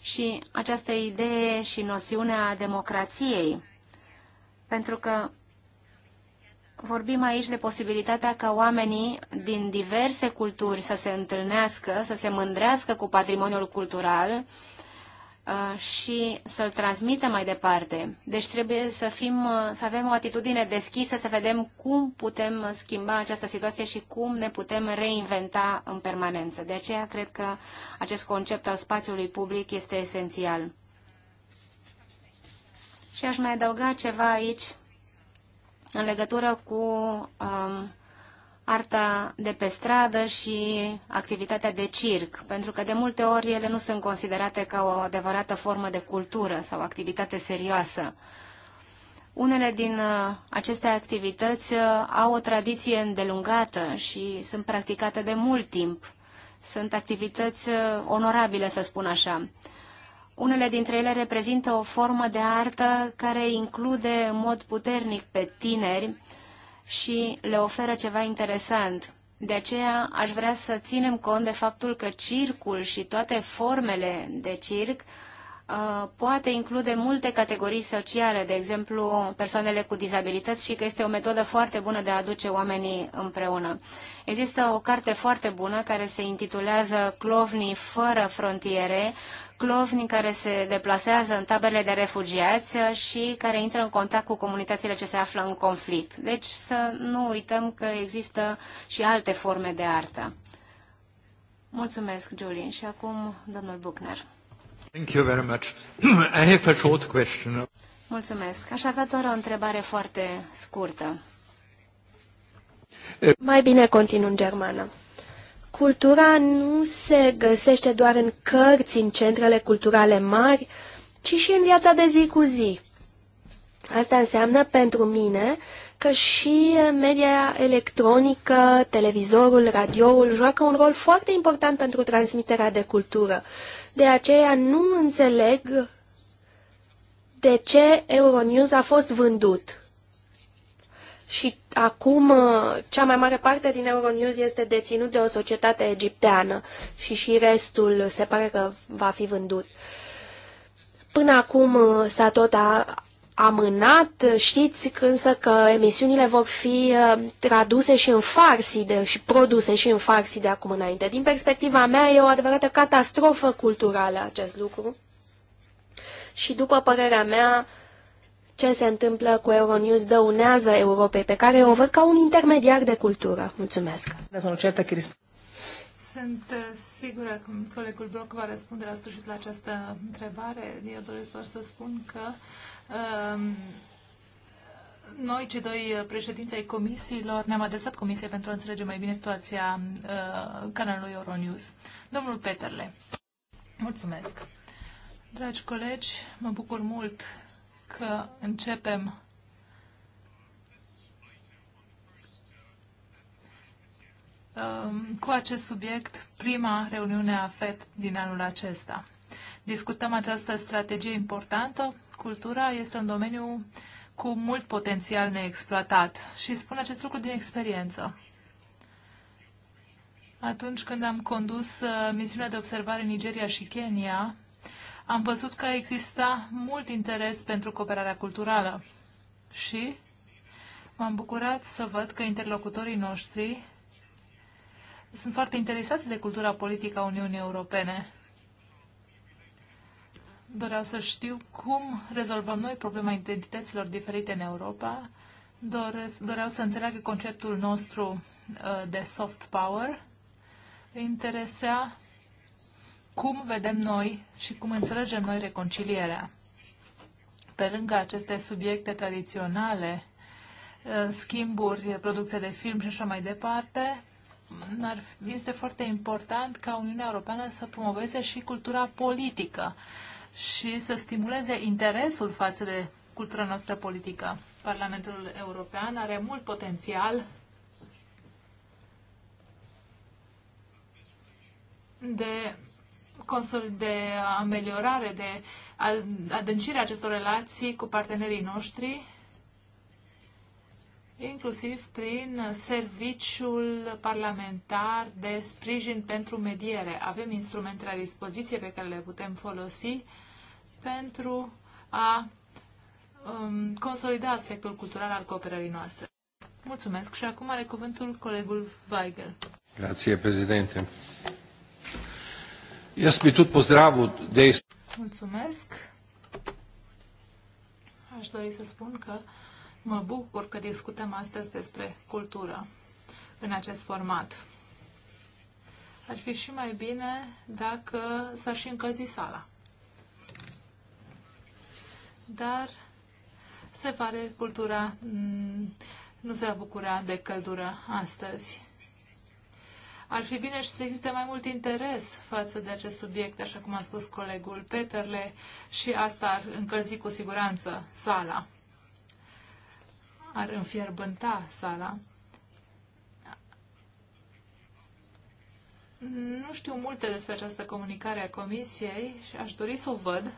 A: Și această idee și noțiunea democrației, pentru că vorbim aici de posibilitatea ca oamenii din diverse culturi să se întâlnească, să se mândrească cu patrimoniul cultural uh, și să-l transmită mai departe. Deci trebuie să, fim, uh, să avem o atitudine deschisă, să vedem cum putem schimba această situație și cum ne putem reinventa în permanență. De aceea cred că acest concept al spațiului public este esențial. Și aș mai adăuga ceva aici în legătură cu um, arta de pe stradă și activitatea de circ, pentru că de multe ori ele nu sunt considerate ca o adevărată formă de cultură sau activitate serioasă. Unele din uh, aceste activități uh, au o tradiție îndelungată și sunt practicate de mult timp. Sunt activități uh, onorabile, să spun așa. Unele dintre ele reprezintă o formă de artă care include în mod puternic pe tineri și le oferă ceva interesant. De aceea aș vrea să ținem cont de faptul că circul și toate formele de circ Uh, poate include multe categorii sociale, de exemplu persoanele cu dizabilități și că este o metodă foarte bună de a aduce oamenii împreună. Există o carte foarte bună care se intitulează Clovnii fără frontiere, clovni care se deplasează în taberele de refugiați și care intră în contact cu comunitățile ce se află în conflict. Deci să nu uităm că există și alte forme de artă. Mulțumesc, Julie. Și acum, domnul Buchner.
C: Thank you very much. I have a short question.
A: Mulțumesc. Aș avea doar o întrebare foarte scurtă.
B: Mai bine continu în germană. Cultura nu se găsește doar în cărți, în centrele culturale mari, ci și în viața de zi cu zi. Asta înseamnă pentru mine că și media electronică, televizorul, radioul joacă un rol foarte important pentru transmiterea de cultură. De aceea nu înțeleg de ce Euronews a fost vândut. Și acum uh, cea mai mare parte din Euronews este deținut de o societate egipteană și și restul se pare că va fi vândut. Până acum uh, s-a tot amânat. Știți însă că emisiunile vor fi uh, traduse și în farsi de, și produse și în farsi de acum înainte. Din perspectiva mea e o adevărată catastrofă culturală acest lucru. Și după părerea mea, ce se întâmplă cu Euronews dăunează Europei, pe care o văd ca un intermediar de cultură. Mulțumesc.
C: Sunt uh, sigură că colegul bloc va răspunde la sfârșit la această întrebare. Eu doresc doar să spun că um, noi, cei doi uh, președinți ai comisiilor, ne-am adresat comisiei pentru a înțelege mai bine situația uh, canalului Euronews. Domnul Peterle, mulțumesc. Dragi colegi, mă bucur mult că începem Um, cu acest subiect prima reuniune a FED din anul acesta. Discutăm această strategie importantă. Cultura este un domeniu cu mult potențial neexploatat și spun acest lucru din experiență. Atunci când am condus uh, misiunea de observare în Nigeria și Kenya, am văzut că exista mult interes pentru cooperarea culturală și m-am bucurat să văd că interlocutorii noștri sunt foarte interesați de cultura politică a Uniunii Europene. Doreau să știu cum rezolvăm noi problema identităților diferite în Europa. Doresc, doreau să înțeleagă conceptul nostru uh, de soft power. Interesea cum vedem noi și cum înțelegem noi reconcilierea. Pe lângă aceste subiecte tradiționale, uh, schimburi, producție de film și așa mai departe, dar este foarte important ca Uniunea Europeană să promoveze și cultura politică și să stimuleze interesul față de cultura noastră politică. Parlamentul European are mult potențial de, de ameliorare, de adâncirea acestor relații cu partenerii noștri inclusiv prin serviciul parlamentar de sprijin pentru mediere. Avem instrumente la dispoziție pe care le putem folosi pentru a um, consolida aspectul cultural al cooperării noastre. Mulțumesc și acum are cuvântul colegul Weigel.
B: Grazie, președinte.
C: Mulțumesc. Aș dori să spun că Mă bucur că discutăm astăzi despre cultură în acest format. Ar fi și mai bine dacă s-ar și încălzi sala. Dar se pare cultura mm, nu se va bucura de căldură astăzi. Ar fi bine și să existe mai mult interes față de acest subiect, așa cum a spus colegul Peterle, și asta ar încălzi cu siguranță sala ar înfierbânta sala. Nu știu multe despre această comunicare a Comisiei și aș dori să o văd,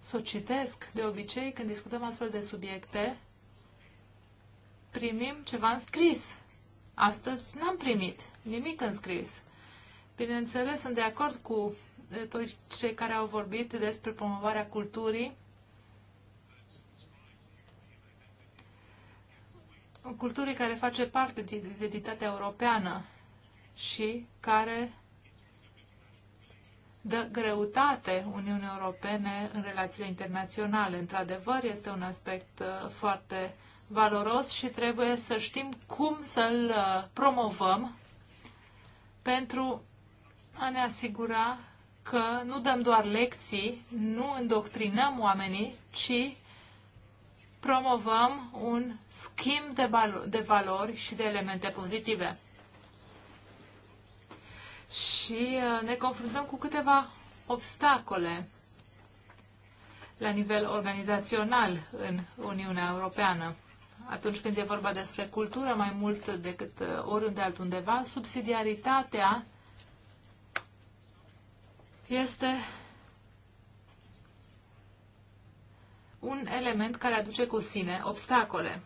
C: să o citesc. De obicei, când discutăm astfel de subiecte, primim ceva în scris. Astăzi n-am primit nimic în scris. Bineînțeles, sunt de acord cu eh, toți cei care au vorbit despre promovarea culturii culturii care face parte din identitatea europeană și care dă greutate Uniunii Europene în relațiile internaționale. Într-adevăr, este un aspect uh, foarte valoros și trebuie să știm cum să-l uh, promovăm pentru a ne asigura că nu dăm doar lecții, nu îndoctrinăm oamenii, ci promovăm un schimb de, valo- de valori și de elemente pozitive. Și uh, ne confruntăm cu câteva obstacole la nivel organizațional în Uniunea Europeană. Atunci când e vorba despre cultură, mai mult decât uh, oriunde altundeva, subsidiaritatea este un element care aduce cu sine obstacole.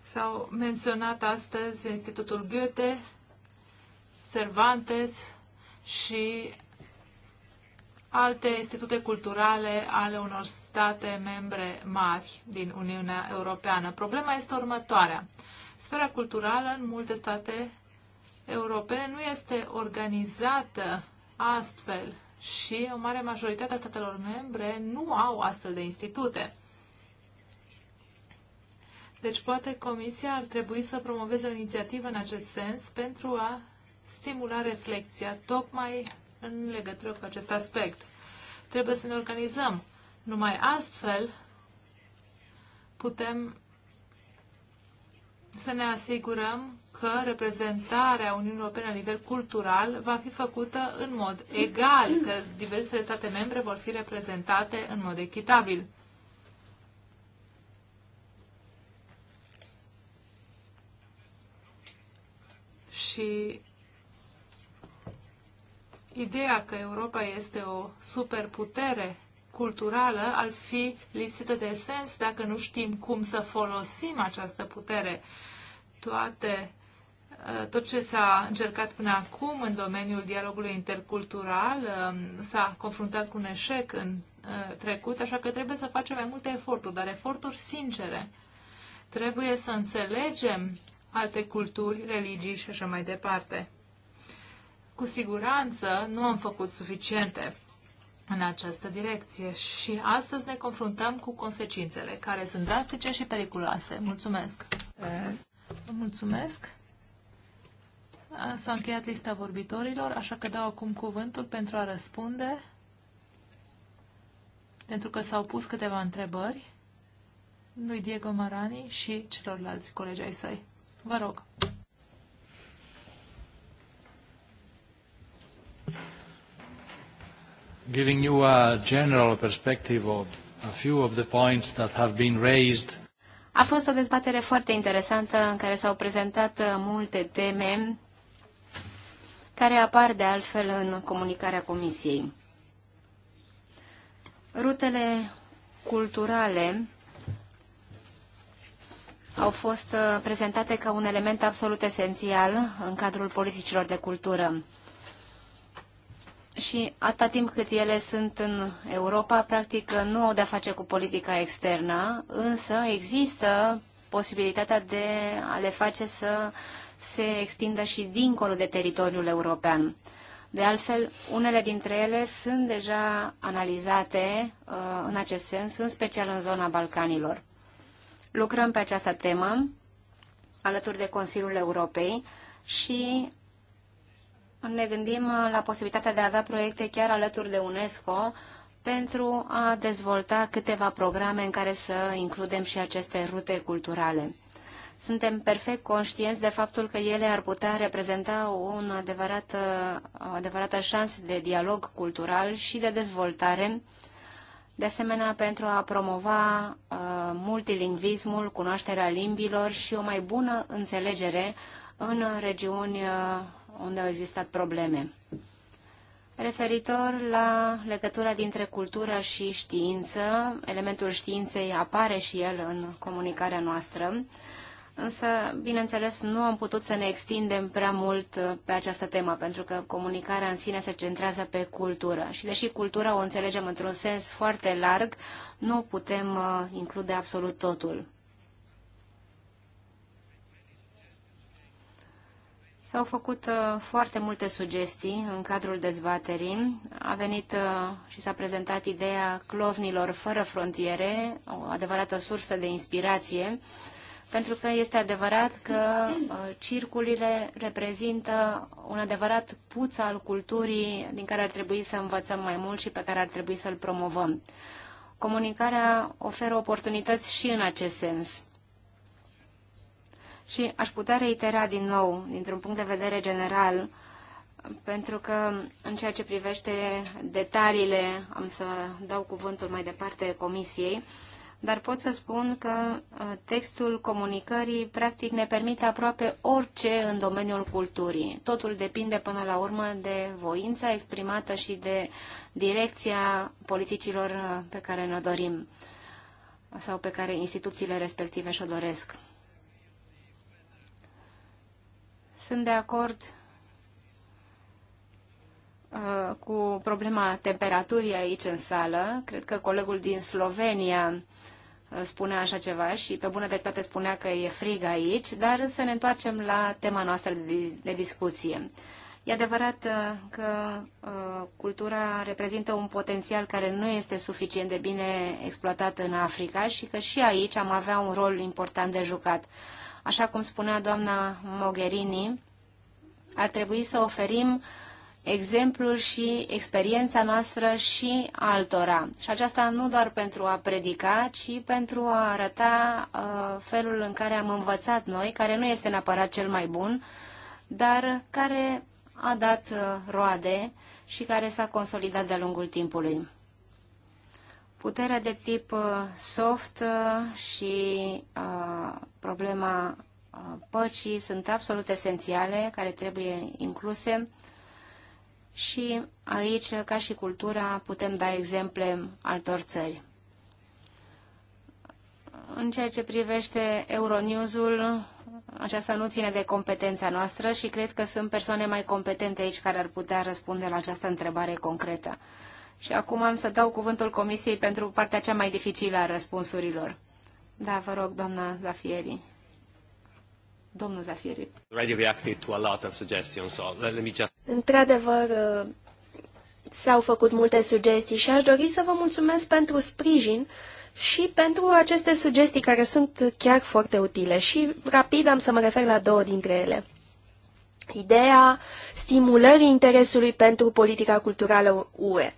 C: S-au menționat astăzi Institutul Goethe, Cervantes și alte institute culturale ale unor state membre mari din Uniunea Europeană. Problema este următoarea. Sfera culturală în multe state europene nu este organizată astfel și o mare majoritate a statelor membre nu au astfel de institute. Deci poate Comisia ar trebui să promoveze o inițiativă în acest sens pentru a stimula reflexia tocmai în legătură cu acest aspect. Trebuie să ne organizăm. Numai astfel putem să ne asigurăm că reprezentarea Uniunii Europene la nivel cultural va fi făcută în mod egal, că diversele state membre vor fi reprezentate în mod echitabil. Și ideea că Europa este o superputere culturală ar fi lipsită de sens dacă nu știm cum să folosim această putere. Toate Uh, tot ce s-a încercat până acum în domeniul dialogului intercultural um, s-a confruntat cu un eșec în uh, trecut, așa că trebuie să facem mai multe eforturi, dar eforturi sincere. Trebuie să înțelegem alte culturi, religii și așa mai departe. Cu siguranță nu am făcut suficiente în această direcție și astăzi ne confruntăm cu consecințele care sunt drastice și periculoase. Mulțumesc! Vă mulțumesc! S-a încheiat lista vorbitorilor, așa că dau acum cuvântul pentru a răspunde, pentru că s-au pus câteva întrebări lui Diego Marani și celorlalți colegi ai săi. Vă rog. Giving you a general perspective of a few of the points that have been raised
A: a fost o dezbatere foarte interesantă în care s-au prezentat uh, multe teme care apar de altfel în comunicarea Comisiei. Rutele culturale au fost uh, prezentate ca un element absolut esențial în cadrul politicilor de cultură. Și atâta timp cât ele sunt în Europa, practic uh, nu au de-a face cu politica externă, însă există posibilitatea de a le face să uh, se extindă și dincolo de teritoriul european. De altfel, unele dintre ele sunt deja analizate uh, în acest sens, în special în zona Balcanilor. Lucrăm pe această temă alături de Consiliul Europei și ne gândim la posibilitatea de a avea proiecte chiar alături de UNESCO pentru a dezvolta câteva programe în care să includem și aceste rute culturale. Suntem perfect conștienți de faptul că ele ar putea reprezenta un adevărat, o adevărată șansă de dialog cultural și de dezvoltare, de asemenea pentru a promova uh, multilingvismul, cunoașterea limbilor și o mai bună înțelegere în regiuni uh, unde au existat probleme. Referitor la legătura dintre cultură și știință, elementul științei apare și el în comunicarea noastră însă, bineînțeles, nu am putut să ne extindem prea mult uh, pe această temă, pentru că comunicarea în sine se centrează pe cultură. Și deși cultura o înțelegem într-un sens foarte larg, nu putem uh, include absolut totul. S-au făcut uh, foarte multe sugestii în cadrul dezbaterii. A venit uh, și s-a prezentat ideea clovnilor fără frontiere, o adevărată sursă de inspirație. Uh, pentru că este adevărat că uh, circulile reprezintă un adevărat puț al culturii din care ar trebui să învățăm mai mult și pe care ar trebui să-l promovăm. Comunicarea oferă oportunități și în acest sens. Și aș putea reitera din nou, dintr-un punct de vedere general, pentru că în ceea ce privește detaliile, am să dau cuvântul mai departe Comisiei, dar pot să spun că uh, textul comunicării practic ne permite aproape orice în domeniul culturii. Totul depinde până la urmă de voința exprimată și de direcția politicilor uh, pe care ne dorim sau pe care instituțiile respective și-o doresc. Sunt de acord uh, cu problema temperaturii aici în sală. Cred că colegul din Slovenia spunea așa ceva și pe bună dreptate spunea că e frig aici, dar să ne întoarcem la tema noastră de, de discuție. E adevărat uh, că uh, cultura reprezintă un potențial care nu este suficient de bine exploatat în Africa și că și aici am avea un rol important de jucat. Așa cum spunea doamna Mogherini, ar trebui să oferim uh, exemplul și experiența noastră și altora. Și aceasta nu doar pentru a predica, ci pentru a arăta uh, felul în care am învățat noi, care nu este neapărat cel mai bun, dar care a dat uh, roade și care s-a consolidat de-a lungul timpului. Puterea de tip uh, soft uh, și uh, problema uh, păcii sunt absolut esențiale, care trebuie incluse uh, și aici, ca și cultura, putem da exemple altor țări. În ceea ce privește Euronews-ul, aceasta nu ține de competența noastră și cred că sunt persoane mai competente aici care ar putea răspunde la această întrebare concretă. Și acum am să dau cuvântul Comisiei pentru partea cea mai dificilă a răspunsurilor. Da, vă rog,
B: doamna Zafieri. Domnul Zafiri. Într-adevăr, s-au făcut multe sugestii și aș dori să vă mulțumesc pentru sprijin și pentru aceste sugestii care sunt chiar foarte utile și rapid am să mă refer la două dintre ele. Ideea stimulării interesului pentru politica culturală UE.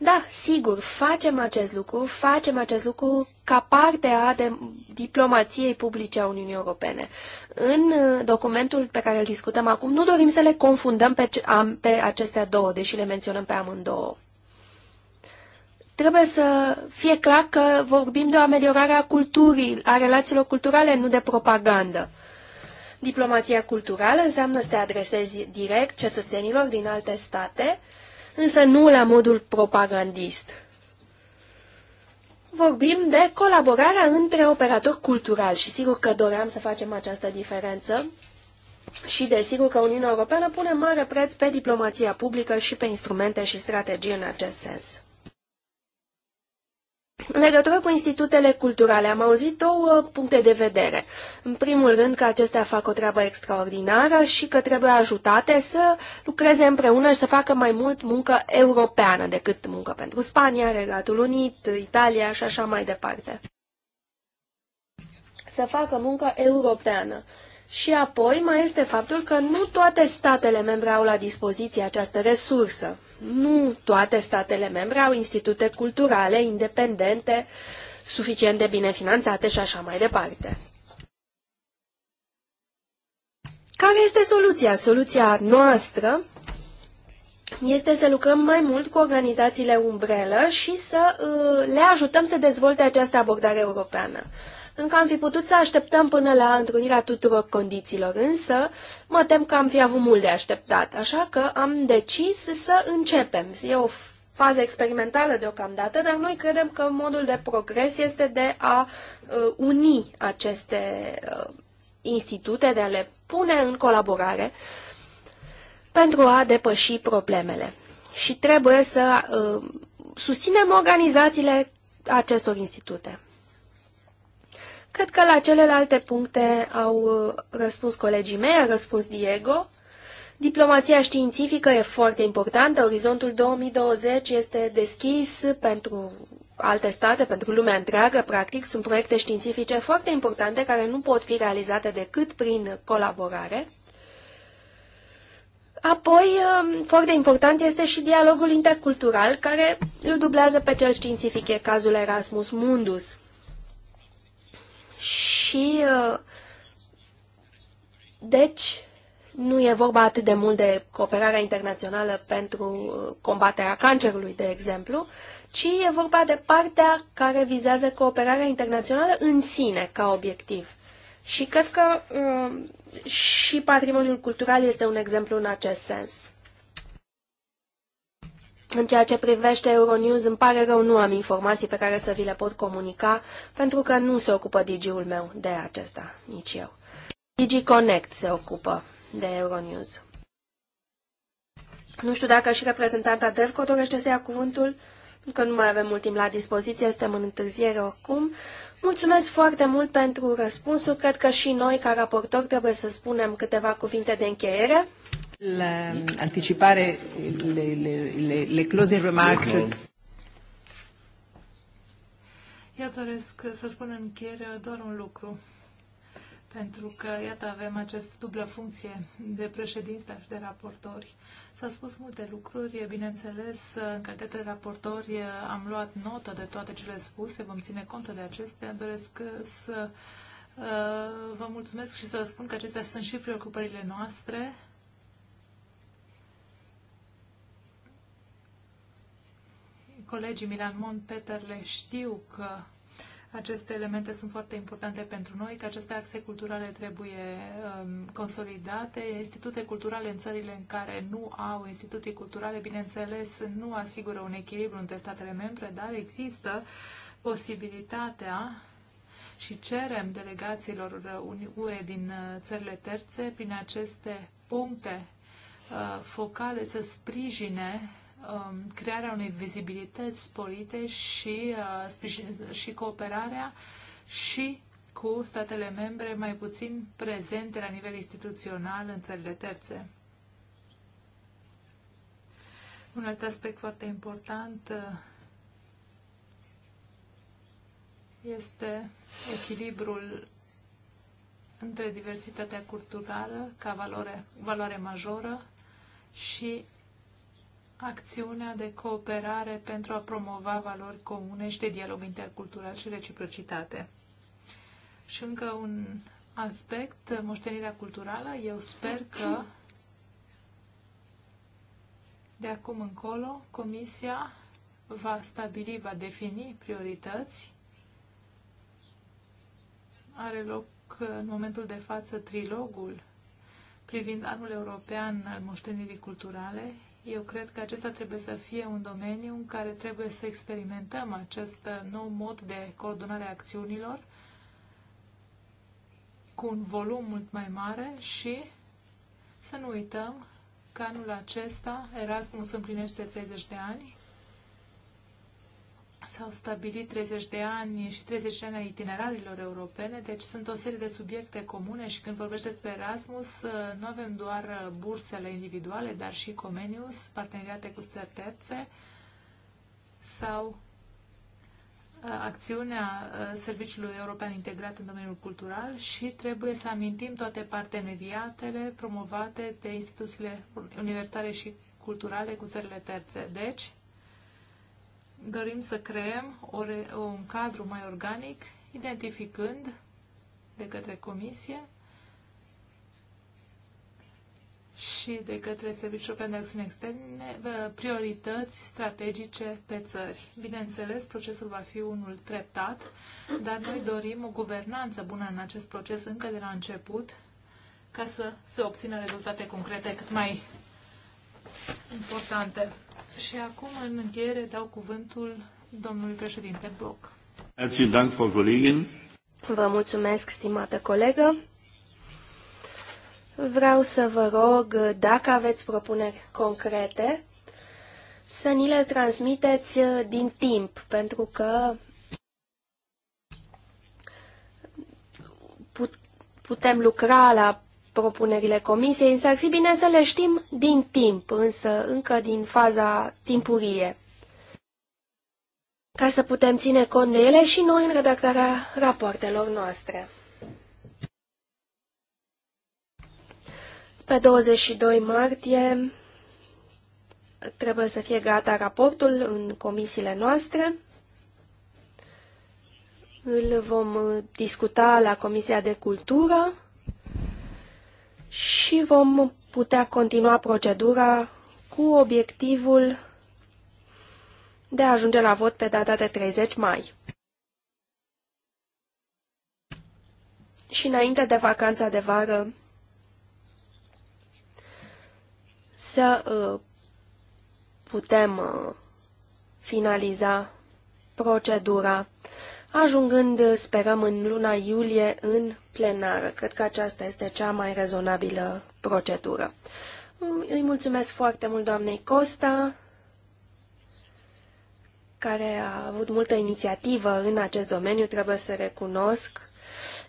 B: Da, sigur, facem acest lucru, facem acest lucru ca parte a de diplomației publice a Uniunii Europene. În uh, documentul pe care îl discutăm acum, nu dorim să le confundăm pe, pe acestea două, deși le menționăm pe amândouă. Trebuie să fie clar că vorbim de o ameliorare a culturii, a relațiilor culturale, nu de propagandă. Diplomația culturală înseamnă să te adresezi direct cetățenilor din alte state, însă nu la modul propagandist. Vorbim de colaborarea între operator cultural și sigur că doream să facem această diferență și desigur că Uniunea Europeană pune mare preț pe diplomația publică și pe instrumente și strategii în acest sens. În legătură cu institutele culturale, am auzit două puncte de vedere. În primul rând că acestea fac o treabă extraordinară și că trebuie ajutate să lucreze împreună și să facă mai mult muncă europeană decât muncă pentru Spania, Regatul Unit, Italia și așa mai departe. Să facă muncă europeană. Și apoi mai este faptul că nu toate statele membre au la dispoziție această resursă. Nu toate statele membre au institute culturale independente, suficient de bine finanțate și așa mai departe. Care este soluția? Soluția noastră este să lucrăm mai mult cu organizațiile umbrelă și să uh, le ajutăm să dezvolte această abordare europeană. Uh, încă am fi putut să așteptăm până la întrunirea tuturor condițiilor, însă mă tem că am fi avut mult de așteptat, așa că am decis să începem. E o fază experimentală deocamdată, dar noi credem că modul de progres este de a uh, uni aceste uh, institute, de a le pune în colaborare pentru a depăși problemele. Și trebuie să uh, susținem organizațiile acestor institute. Cred că la celelalte puncte au uh, răspuns colegii mei, a răspuns Diego. Diplomația științifică e foarte importantă, orizontul 2020 este deschis pentru alte state, pentru lumea întreagă, practic, sunt proiecte științifice foarte importante care nu pot fi realizate decât prin colaborare. Apoi, um, foarte important este și dialogul intercultural, care îl dublează pe cel științific, e cazul Erasmus Mundus și uh, deci nu e vorba atât de mult de cooperarea internațională pentru uh, combaterea cancerului, de exemplu, ci e vorba de partea care vizează cooperarea internațională în sine ca obiectiv. Și cred că uh, și patrimoniul cultural este un exemplu în acest sens. În ceea ce privește Euronews, îmi pare rău, nu am informații pe care să vi le pot comunica, pentru că nu se ocupă digiul meu de acesta, nici eu. Digi Connect se ocupă de Euronews. Nu știu dacă și reprezentanta DEVCO dorește să ia cuvântul, pentru că nu mai avem mult timp la dispoziție, suntem în întârziere oricum. Mulțumesc foarte mult pentru răspunsul. Cred că și noi, ca raportor, trebuie să spunem câteva cuvinte de încheiere.
C: Mm, anticipare le, le, le, le closing remarks. Eu doresc să spun în încheiere doar un lucru. Pentru că, iată, avem această dublă funcție de președinți, dar și de raportori. S-a spus multe lucruri, bineînțeles, în calitate de raportori am luat notă de toate cele spuse, vom ține cont de acestea. Doresc să uh, vă mulțumesc și să vă spun că acestea sunt și preocupările noastre colegii Milan Mon, Peter le știu că aceste elemente sunt foarte importante pentru noi, că aceste axe culturale trebuie um, consolidate. Institute culturale în țările în care nu au instituții culturale, bineînțeles, nu asigură un echilibru între statele membre, dar există posibilitatea și cerem delegațiilor UE din uh, țările terțe prin aceste puncte uh, focale să sprijine um, crearea unei vizibilități sporite și, uh, sprijin, și cooperarea și cu statele membre mai puțin prezente la nivel instituțional în țările terțe. Un alt aspect foarte important uh, este echilibrul între diversitatea culturală ca valoare, valoare majoră și acțiunea de cooperare pentru a promova valori comune și de dialog intercultural și reciprocitate. Și încă un aspect, moștenirea culturală, eu sper că de acum încolo Comisia va stabili, va defini priorități. Are loc în momentul de față trilogul privind anul european al moștenirii culturale eu cred că acesta trebuie să fie un domeniu în care trebuie să experimentăm acest nou mod de coordonare a acțiunilor cu un volum mult mai mare și să nu uităm că anul acesta Erasmus împlinește 30 de ani S-au stabilit 30 de ani și 30 de ani a itinerarilor europene, deci sunt o serie de subiecte comune și când vorbești despre Erasmus, uh, nu avem doar uh, bursele individuale, dar și Comenius, parteneriate cu țări sau uh, acțiunea Serviciului European Integrat în domeniul cultural și trebuie să amintim toate parteneriatele promovate de instituțiile universitare și culturale cu țările terțe. Deci, dorim să creăm o re, un cadru mai organic, identificând de către Comisie și de către Serviciul pentru Acțiuni Externe priorități strategice pe țări. Bineînțeles, procesul va fi unul treptat, dar noi dorim o guvernanță bună în acest proces încă de la început, ca să se obțină rezultate concrete cât mai importante. Și acum, în încheiere, dau cuvântul domnului președinte Bloc.
B: Vă mulțumesc, stimată colegă. Vreau să vă rog, dacă aveți propuneri concrete, să ni le transmiteți uh, din timp, pentru că putem lucra la propunerile comisiei, însă ar fi bine să le știm din timp, însă încă din faza timpurie, ca să putem ține cont de ele și noi în redactarea rapoartelor noastre. Pe 22 martie trebuie să fie gata raportul în comisiile noastre. Îl vom discuta la Comisia de Cultură și vom putea continua procedura cu obiectivul de a ajunge la vot pe data de 30 mai. Și înainte de vacanța de vară să uh, putem uh, finaliza procedura ajungând, sperăm, în luna iulie în plenară. Cred că aceasta este cea mai rezonabilă procedură. Îi mulțumesc foarte mult doamnei Costa, care a avut multă inițiativă în acest domeniu, trebuie să recunosc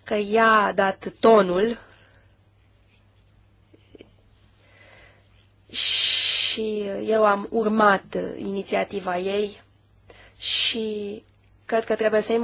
B: că ea a dat tonul și eu am urmat inițiativa ei și cred că trebuie să-i